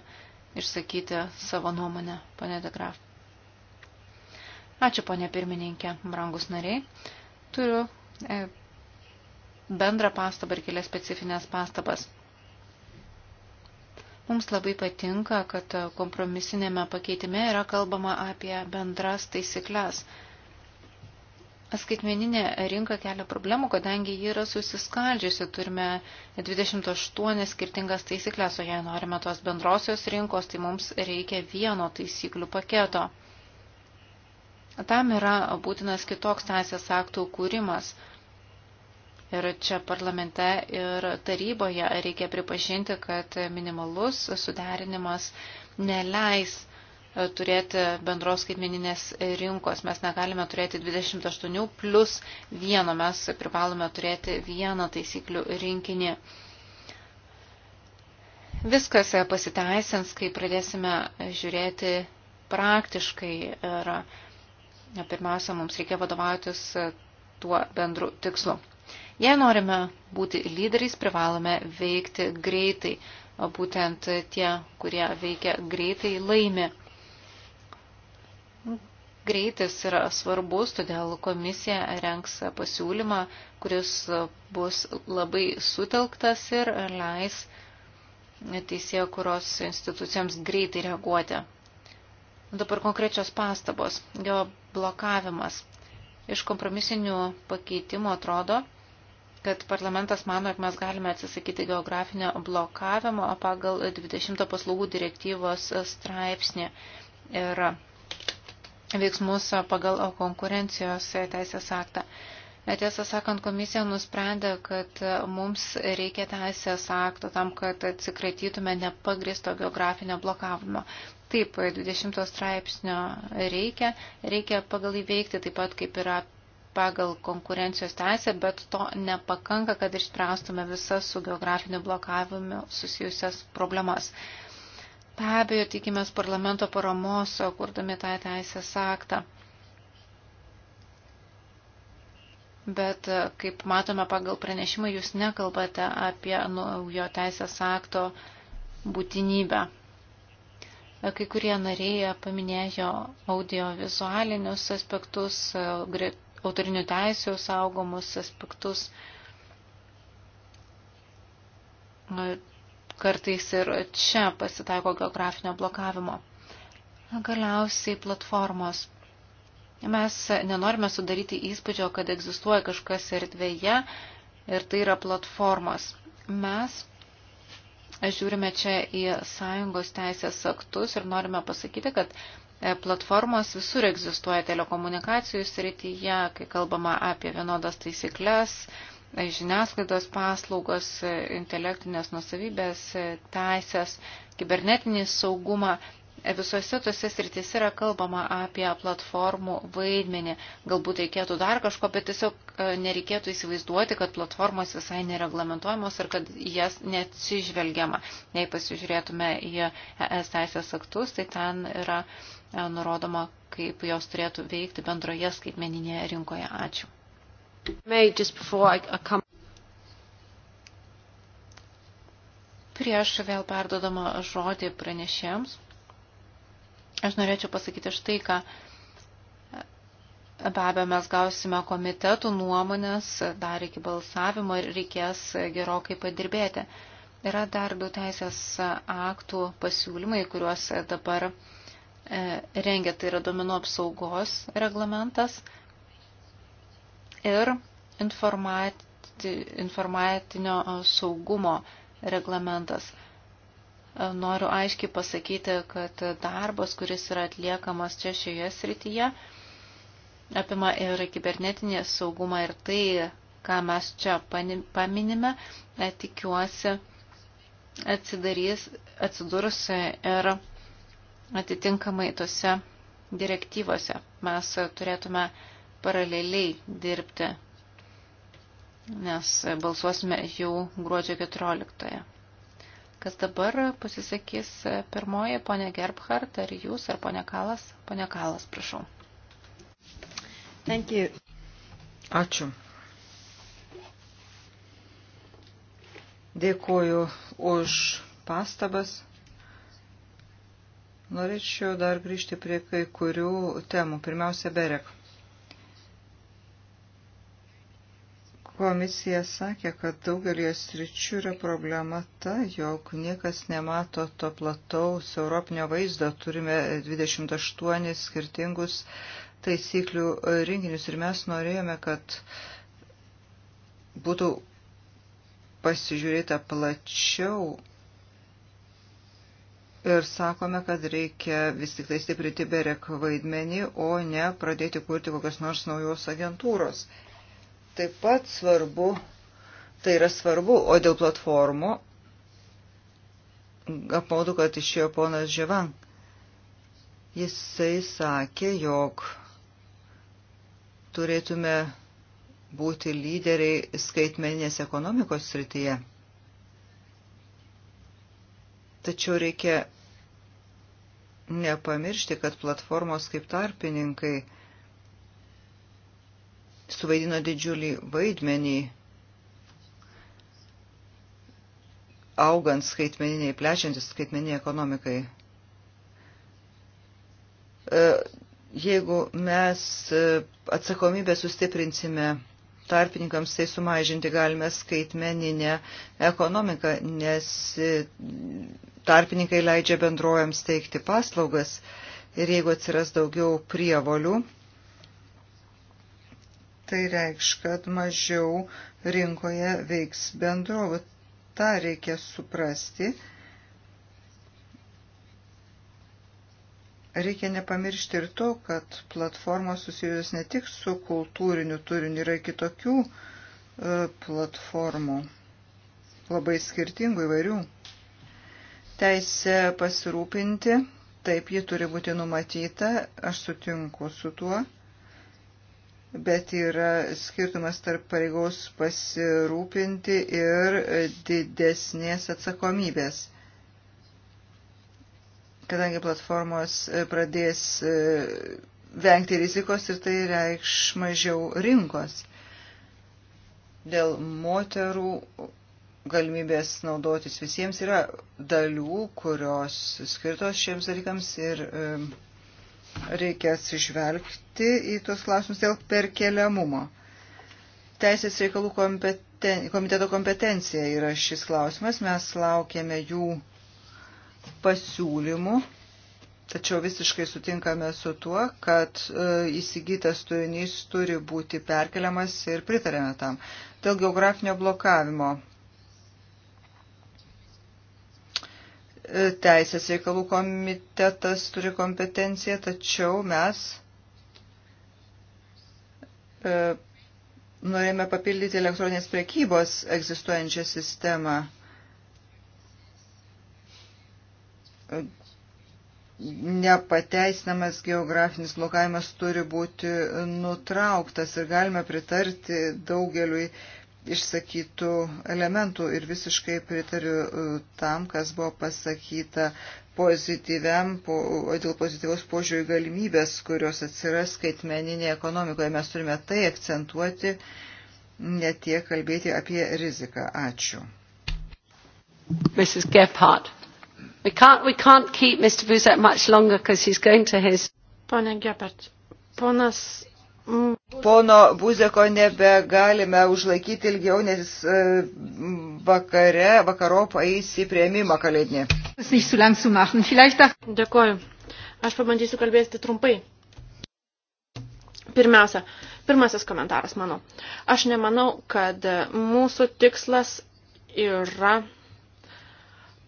išsakyti savo nuomonę, ponė de Graf. Ačiū, ponė pirmininkė, brangus nariai. Turiu e, bendrą pastabą ir kelias specifines pastabas. Mums labai patinka, kad kompromisinėme pakeitime yra kalbama apie bendras taisyklės skaitmeninė rinka kelia problemų, kadangi ji yra susiskaldžiusi, turime 28 skirtingas taisyklės, o jei norime tos bendrosios rinkos, tai mums reikia vieno taisyklių paketo. Tam yra būtinas kitoks teisės aktų kūrimas. Ir čia parlamente ir taryboje reikia pripažinti, kad minimalus suderinimas neleis turėti bendros skaitmeninės rinkos. Mes negalime turėti 28 plus vieno, mes privalome turėti vieną taisyklių rinkinį. Viskas pasiteisins, kai pradėsime žiūrėti praktiškai ir pirmiausia, mums reikia vadovautis tuo bendru tikslu. Jei norime būti lyderiais, privalome veikti greitai. O būtent tie, kurie veikia greitai, laimi. Greitis yra svarbus, todėl komisija renks pasiūlymą, kuris bus labai sutelktas ir leis teisėjo kuros institucijoms greitai reaguoti. Dabar konkrečios pastabos. Jo blokavimas. Iš kompromisinių pakeitimų atrodo, kad parlamentas mano, jog mes galime atsisakyti geografinio blokavimo pagal 20 paslaugų direktyvos straipsnį. Ir veiksmus pagal konkurencijos teisės aktą. Tiesą sakant, komisija nusprendė, kad mums reikia teisės akto tam, kad atsikratytume nepagristo geografinio blokavimo. Taip, 20 straipsnio reikia, reikia pagal įveikti taip pat, kaip yra pagal konkurencijos teisę, bet to nepakanka, kad išspręstume visas su geografiniu blokavimu susijusias problemas. Be abejo, tikimės parlamento paramos, kurdami tą teisės aktą. Bet, kaip matome pagal pranešimą, jūs nekalbate apie naujo teisės akto būtinybę. Kai kurie nariai paminėjo audiovizualinius aspektus, autorinių teisų saugomus aspektus kartais ir čia pasitaiko geografinio blokavimo. Galiausiai platformos. Mes nenorime sudaryti įspūdžio, kad egzistuoja kažkas erdvėje ir tai yra platformos. Mes žiūrime čia į sąjungos teisės aktus ir norime pasakyti, kad e, platformos visur egzistuoja telekomunikacijų srityje, kai kalbama apie vienodas taisyklės, žiniasklaidos paslaugos, intelektinės nusavybės, teisės, kibernetinį saugumą. Visose tose sritise yra kalbama apie platformų vaidmenį. Galbūt reikėtų dar kažko, bet tiesiog e, nereikėtų įsivaizduoti, kad platformos visai nereglamentuojamos ir kad jas neatsižvelgiama. Jei pasižiūrėtume į ES teisės aktus, tai ten yra e, nurodoma, kaip jos turėtų veikti bendroje skaitmeninėje rinkoje. Ačiū. Prieš vėl perdodama žodį pranešėjams, aš norėčiau pasakyti štai, ką be abejo mes gausime komitetų nuomonės dar iki balsavimo ir reikės gerokai padirbėti. Yra dar du teisės aktų pasiūlymai, kuriuos dabar e, rengia, tai yra domino apsaugos reglamentas ir informatinio saugumo reglamentas. Noriu aiškiai pasakyti, kad darbas, kuris yra atliekamas čia šioje srityje, apima ir kibernetinį saugumą ir tai, ką mes čia paminime, tikiuosi atsidarys, atsidurs ir atitinkamai tose direktyvose. Mes turėtume uh, paraleliai dirbti, nes balsuosime jau gruodžio 14. -ąją. Kas dabar pasisakys pirmoji, ponia Gerbhardt, ar jūs, ar ponia Kalas? Ponia Kalas, prašau. Thank you. Ačiū. Dėkuoju už pastabas. Norėčiau dar grįžti prie kai kurių temų. Pirmiausia, Berek. Komisija sakė, kad daugelį sričių yra problema ta, jog niekas nemato to plataus europinio vaizdo. Turime 28 skirtingus taisyklių rinkinius ir mes norėjome, kad būtų pasižiūrėta plačiau ir sakome, kad reikia vis tik tai stiprinti berek vaidmenį, o ne pradėti kurti kokios nors naujos agentūros taip pat svarbu, tai yra svarbu, o dėl platformų apmaudu, kad išėjo ponas Ževan. Jisai sakė, jog turėtume būti lyderiai skaitmeninės ekonomikos srityje. Tačiau reikia nepamiršti, kad platformos kaip tarpininkai suvaidino didžiulį vaidmenį augant skaitmeniniai, plečiantis skaitmeniniai ekonomikai. E, jeigu mes e, atsakomybę sustiprinsime tarpininkams, tai sumažinti galime skaitmeninę ekonomiką, nes e, tarpininkai leidžia bendrojams teikti paslaugas ir jeigu atsiras daugiau prievolių, tai reikš, kad mažiau rinkoje veiks bendrovų. Ta reikia suprasti. Reikia nepamiršti ir to, kad platformos susijusios ne tik su kultūriniu turiniu, yra kitokių e, platformų, labai skirtingų įvairių. Teisė pasirūpinti, taip ji turi būti numatyta, aš sutinku su tuo bet yra skirtumas tarp pareigos pasirūpinti ir didesnės atsakomybės. Kadangi platformos pradės e, vengti rizikos ir tai reikš mažiau rinkos. Dėl moterų galimybės naudotis visiems yra dalių, kurios skirtos šiems dalykams ir e, reikia atsižvelgti į tuos klausimus dėl perkeliamumo. Teisės reikalų kompeten, komiteto kompetencija yra šis klausimas. Mes laukiame jų pasiūlymų, tačiau visiškai sutinkame su tuo, kad e, įsigytas turinys turi būti perkeliamas ir pritarėme tam. Dėl geografinio blokavimo Teisės reikalų komitetas turi kompetenciją, tačiau mes e, norėjome papildyti elektroninės prekybos egzistuojančią sistemą. E, nepateisinamas geografinis blokavimas turi būti nutrauktas ir galime pritarti daugeliui išsakytų elementų ir visiškai pritariu e, tam, kas buvo pasakyta pozityviam, po, dėl pozityvaus požiūrių galimybės, kurios atsiras skaitmeninėje ekonomikoje. Mes turime tai akcentuoti, ne tiek kalbėti apie riziką. Ačiū. Mrs. Gephardt. We can't, we can't keep Mr. Buzek much longer because he's going to his. Pone Gephardt, ponas Pono Buzeko nebegalime užlaikyti ilgiau, nes e, vakare, vakarop eis į prieimimą kalėdinį. Dėkoju. Aš pabandysiu kalbėti trumpai. Pirmiausia, pirmasis komentaras mano. Aš nemanau, kad mūsų tikslas yra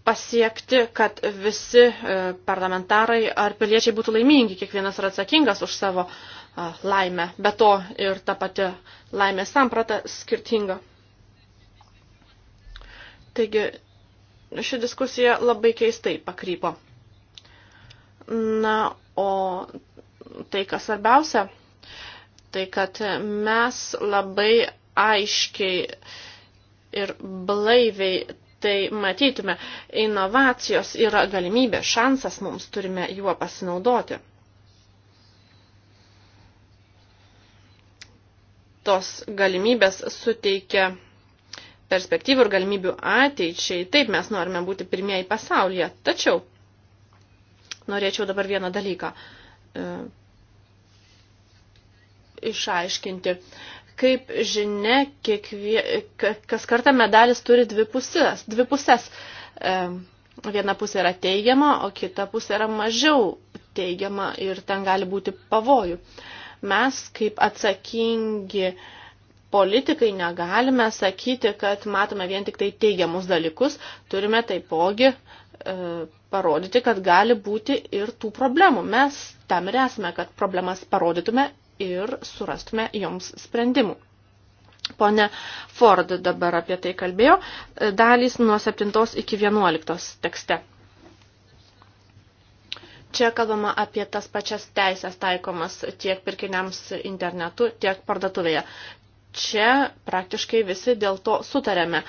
pasiekti, kad visi e, parlamentarai ar piliečiai būtų laimingi, kiekvienas yra atsakingas už savo uh, laimę. Be to ir ta pati laimės samprata skirtinga. Taigi ši diskusija labai keistai pakrypo. Na, o tai, kas svarbiausia, tai kad mes labai aiškiai ir blaiviai tai matytume. Inovacijos yra galimybė, šansas mums turime juo pasinaudoti. tos galimybės suteikia perspektyvų ir galimybių ateičiai. Taip mes norime būti pirmieji pasaulyje. Tačiau norėčiau dabar vieną dalyką e, išaiškinti. Kaip žinia, kiekvie, kas kartą medalis turi dvi pusės. Dvi pusės. E, viena pusė yra teigiama, o kita pusė yra mažiau teigiama ir ten gali būti pavojų. E, Mes kaip atsakingi politikai negalime sakyti, kad matome vien tik tai teigiamus dalykus, turime taipogi e, parodyti, kad gali būti ir tų problemų. Mes tam ir esame, kad problemas parodytume ir surastume joms sprendimų. Pone Ford dabar apie tai kalbėjo, e, dalys nuo 7 iki 11 tekste. Čia kalbama apie tas pačias teisės taikomas tiek pirkiniams internetu, tiek parduotuvėje. Čia praktiškai visi dėl to sutarėme,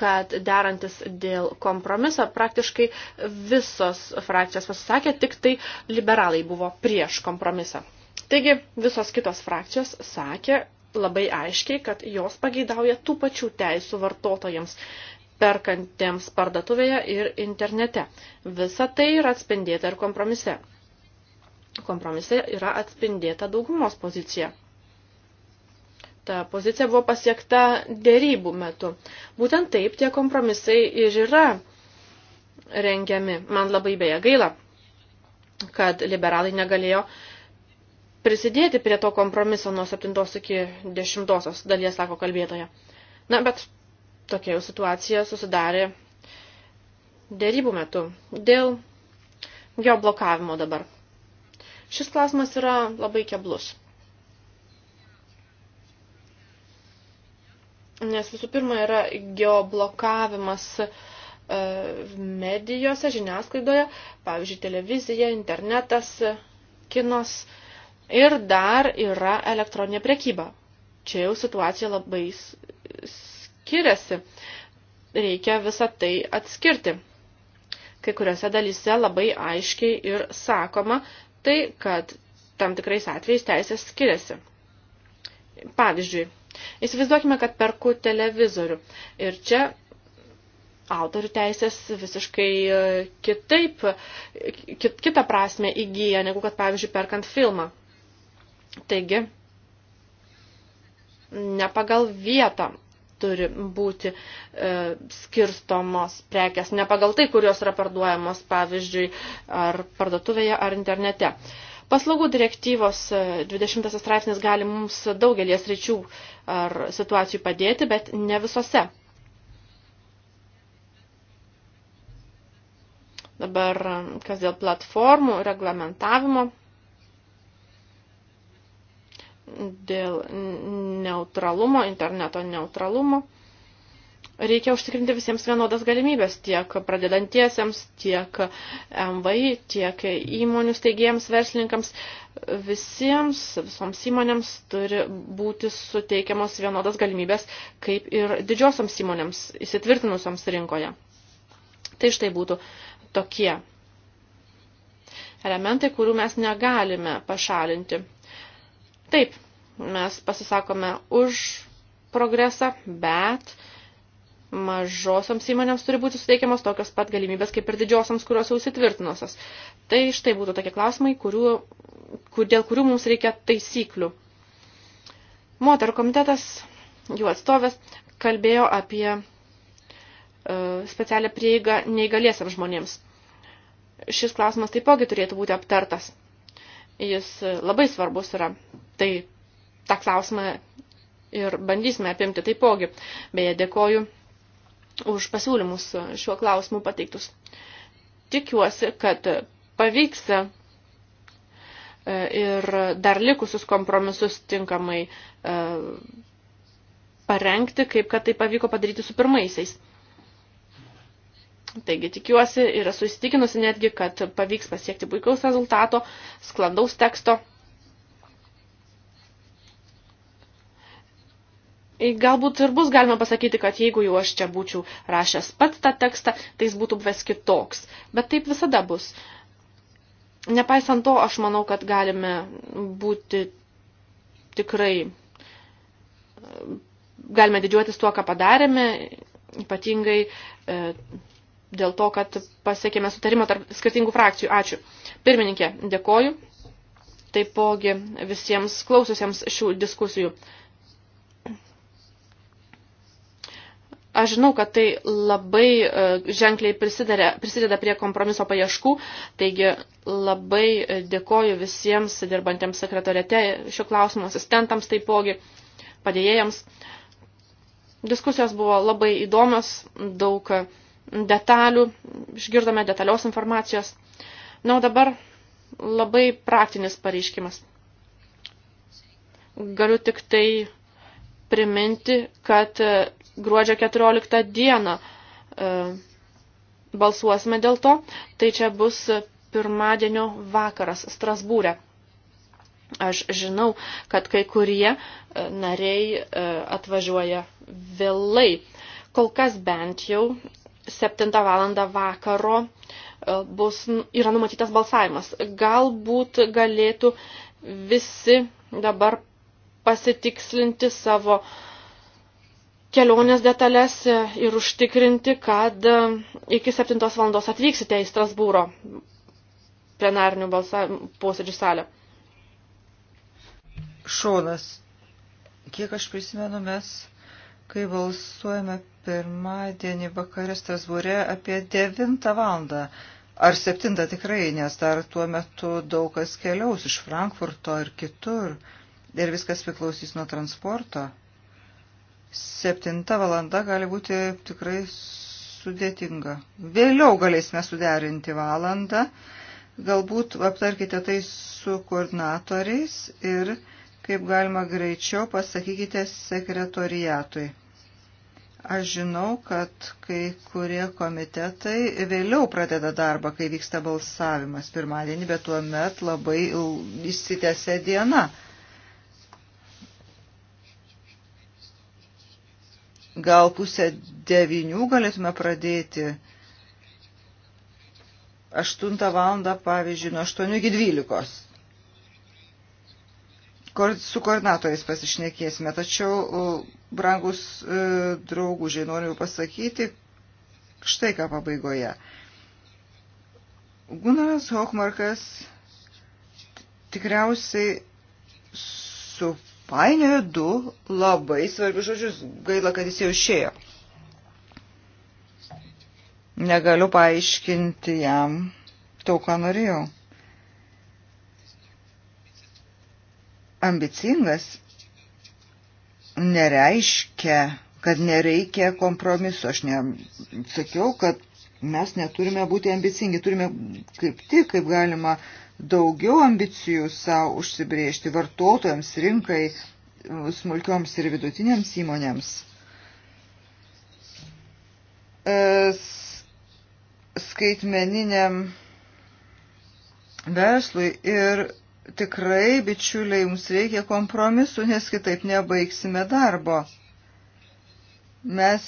kad derantis dėl kompromiso praktiškai visos frakcijos pasisakė, tik tai liberalai buvo prieš kompromisą. Taigi visos kitos frakcijos sakė labai aiškiai, kad jos pageidauja tų pačių teisų vartotojams perkantiems parduotuvėje ir internete. Visa tai yra atspindėta ir kompromise. Kompromise yra atspindėta daugumos pozicija. Ta pozicija buvo pasiekta dėrybų metu. Būtent taip tie kompromisai ir yra rengiami. Man labai beje gaila, kad liberalai negalėjo prisidėti prie to kompromiso nuo 7 iki 10 dalies, sako kalbėtoja. Na, bet Tokia jau situacija susidarė dėrybų metu dėl geoblokavimo dabar. Šis klausimas yra labai keblus. Nes visų pirma yra geoblokavimas e, medijose, žiniasklaidoje, pavyzdžiui, televizija, internetas, kinos ir dar yra elektroninė prekyba. Čia jau situacija labai skiriasi. Reikia visą tai atskirti. Kai kuriuose dalyse labai aiškiai ir sakoma tai, kad tam tikrais atvejais teisės skiriasi. Pavyzdžiui, įsivaizduokime, kad perku televizorių ir čia autorių teisės visiškai e, kitaip, kit, kitą prasme įgyja, negu kad, pavyzdžiui, perkant filmą. Taigi, ne pagal vietą turi būti e, skirstomos prekes, ne pagal tai, kurios yra parduojamos, pavyzdžiui, ar parduotuvėje, ar internete. Paslaugų direktyvos 20 e, straipsnis gali mums daugelies ryčių ar situacijų padėti, bet ne visose. Dabar e, kas dėl platformų reglamentavimo dėl neutralumo, interneto neutralumo. Reikia užtikrinti visiems vienodas galimybės tiek pradedantiesiems, tiek MVI, tiek įmonių steigėjams, verslininkams. Visiems, visoms įmonėms turi būti suteikiamos vienodas galimybės, kaip ir didžiosioms įmonėms įsitvirtinusioms rinkoje. Tai štai būtų tokie elementai, kurių mes negalime pašalinti Taip, mes pasisakome už progresą, bet mažosioms įmonėms turi būti suteikiamos tokios pat galimybės kaip ir didžiosioms, kurios jau įsitvirtinusios. Tai štai būtų tokie klausimai, kurių, kur, dėl kurių mums reikia taisyklių. Moterų komitetas, jų atstovės, kalbėjo apie e, specialią prieigą neįgaliesiams žmonėms. Šis klausimas taipogi turėtų būti aptartas. Jis e, labai svarbus yra Tai tą klausimą ir bandysime apimti taipogi. Beje, dėkoju už pasiūlymus šiuo klausimu pateiktus. Tikiuosi, kad pavyks e, ir dar likusius kompromisus tinkamai e, parengti, kaip kad tai pavyko padaryti su pirmaisiais. Taigi tikiuosi ir esu įsitikinusi netgi, kad pavyks pasiekti puikaus rezultato, sklandaus teksto galbūt ir bus galima pasakyti, kad jeigu jau aš čia būčiau rašęs pats tą tekstą, tai jis būtų buvęs kitoks. Bet taip visada bus. Nepaisant to, aš manau, kad galime būti tikrai, galime didžiuotis tuo, ką padarėme, ypatingai e, dėl to, kad pasiekėme sutarimą tarp skirtingų frakcijų. Ačiū. Pirmininkė, dėkoju. Taipogi visiems klaususiems šių diskusijų. Aš žinau, kad tai labai e, ženkliai prisideda, prisideda prie kompromiso paieškų, taigi labai e, dėkoju visiems dirbantiems sekretorėte šių klausimų asistentams taipogi, padėjėjams. Diskusijos buvo labai įdomios, daug e, detalių, išgirdome detalios informacijos. Na, o dabar labai praktinis pareiškimas. Galiu tik tai priminti, kad gruodžio 14 dieną e, balsuosime dėl to, tai čia bus pirmadienio vakaras Strasbūrė. Aš žinau, kad kai kurie e, nariai e, atvažiuoja vėlai. Kol kas bent jau 7 valandą vakaro bus, yra numatytas balsavimas. Galbūt galėtų visi dabar pasitikslinti savo uh, kelionės detalės ir užtikrinti, kad e, iki 7 valandos atvyksite į Strasbūro plenarnių posėdžių salę. Šonas. Kiek aš prisimenu, mes, kai balsuojame pirmadienį vakarė Strasbūre apie 9 valandą, ar 7 tikrai, nes dar tuo metu daug kas keliaus iš Frankfurto ir kitur, ir viskas priklausys nuo transporto septinta valanda gali būti tikrai sudėtinga. Vėliau galėsime suderinti valandą. Galbūt aptarkite tai su koordinatoriais ir kaip galima greičiau pasakykite sekretoriatui. Aš žinau, kad kai kurie komitetai vėliau pradeda darbą, kai vyksta balsavimas pirmadienį, bet tuo met labai įsitęsia diena. gal pusę devinių galėtume pradėti. Aštuntą valandą, pavyzdžiui, nuo 8 iki 12 su koordinatoriais pasišnekėsime. Tačiau, brangus e, draugužiai, noriu pasakyti štai ką pabaigoje. Gunaras Hochmarkas tikriausiai su painioja du labai svarbius žodžius. Gaila, kad jis jau išėjo. Negaliu paaiškinti jam to, ką norėjau. Ambicingas nereiškia, kad nereikia kompromiso. Aš nesakiau, kad mes neturime būti ambicingi, turime kaip tik, kaip galima uh, daugiau ambicijų savo užsibriežti vartotojams, rinkai, smulkioms ir vidutinėms įmonėms. E, skaitmeniniam verslui ir tikrai, bičiuliai, jums reikia kompromisų, nes kitaip nebaigsime darbo. Mes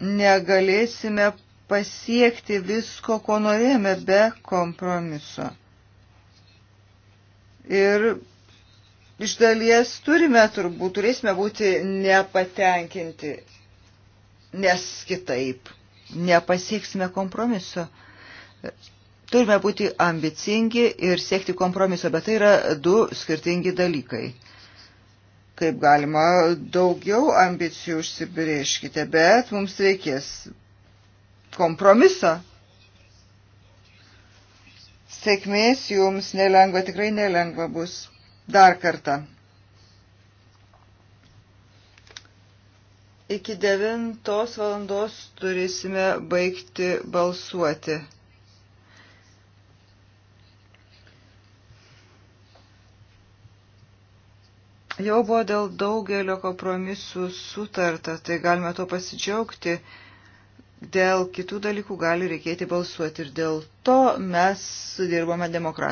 negalėsime pasiekti visko, ko norėjome, be kompromiso. Ir iš dalies turime turbūt, turėsime būti nepatenkinti, nes kitaip nepasieksime kompromiso. Turime būti ambicingi ir siekti kompromiso, bet tai yra du skirtingi dalykai kaip galima daugiau ambicijų užsibrieškite, bet mums reikės kompromisą. Sėkmės jums nelengva, tikrai nelengva bus. Dar kartą. Iki devintos valandos turėsime baigti balsuoti. Jau buvo dėl daugelio kompromisų sutarta, tai galime to pasidžiaugti dėl kitų dalykų gali reikėti balsuoti ir dėl to mes dirbame demokratiją.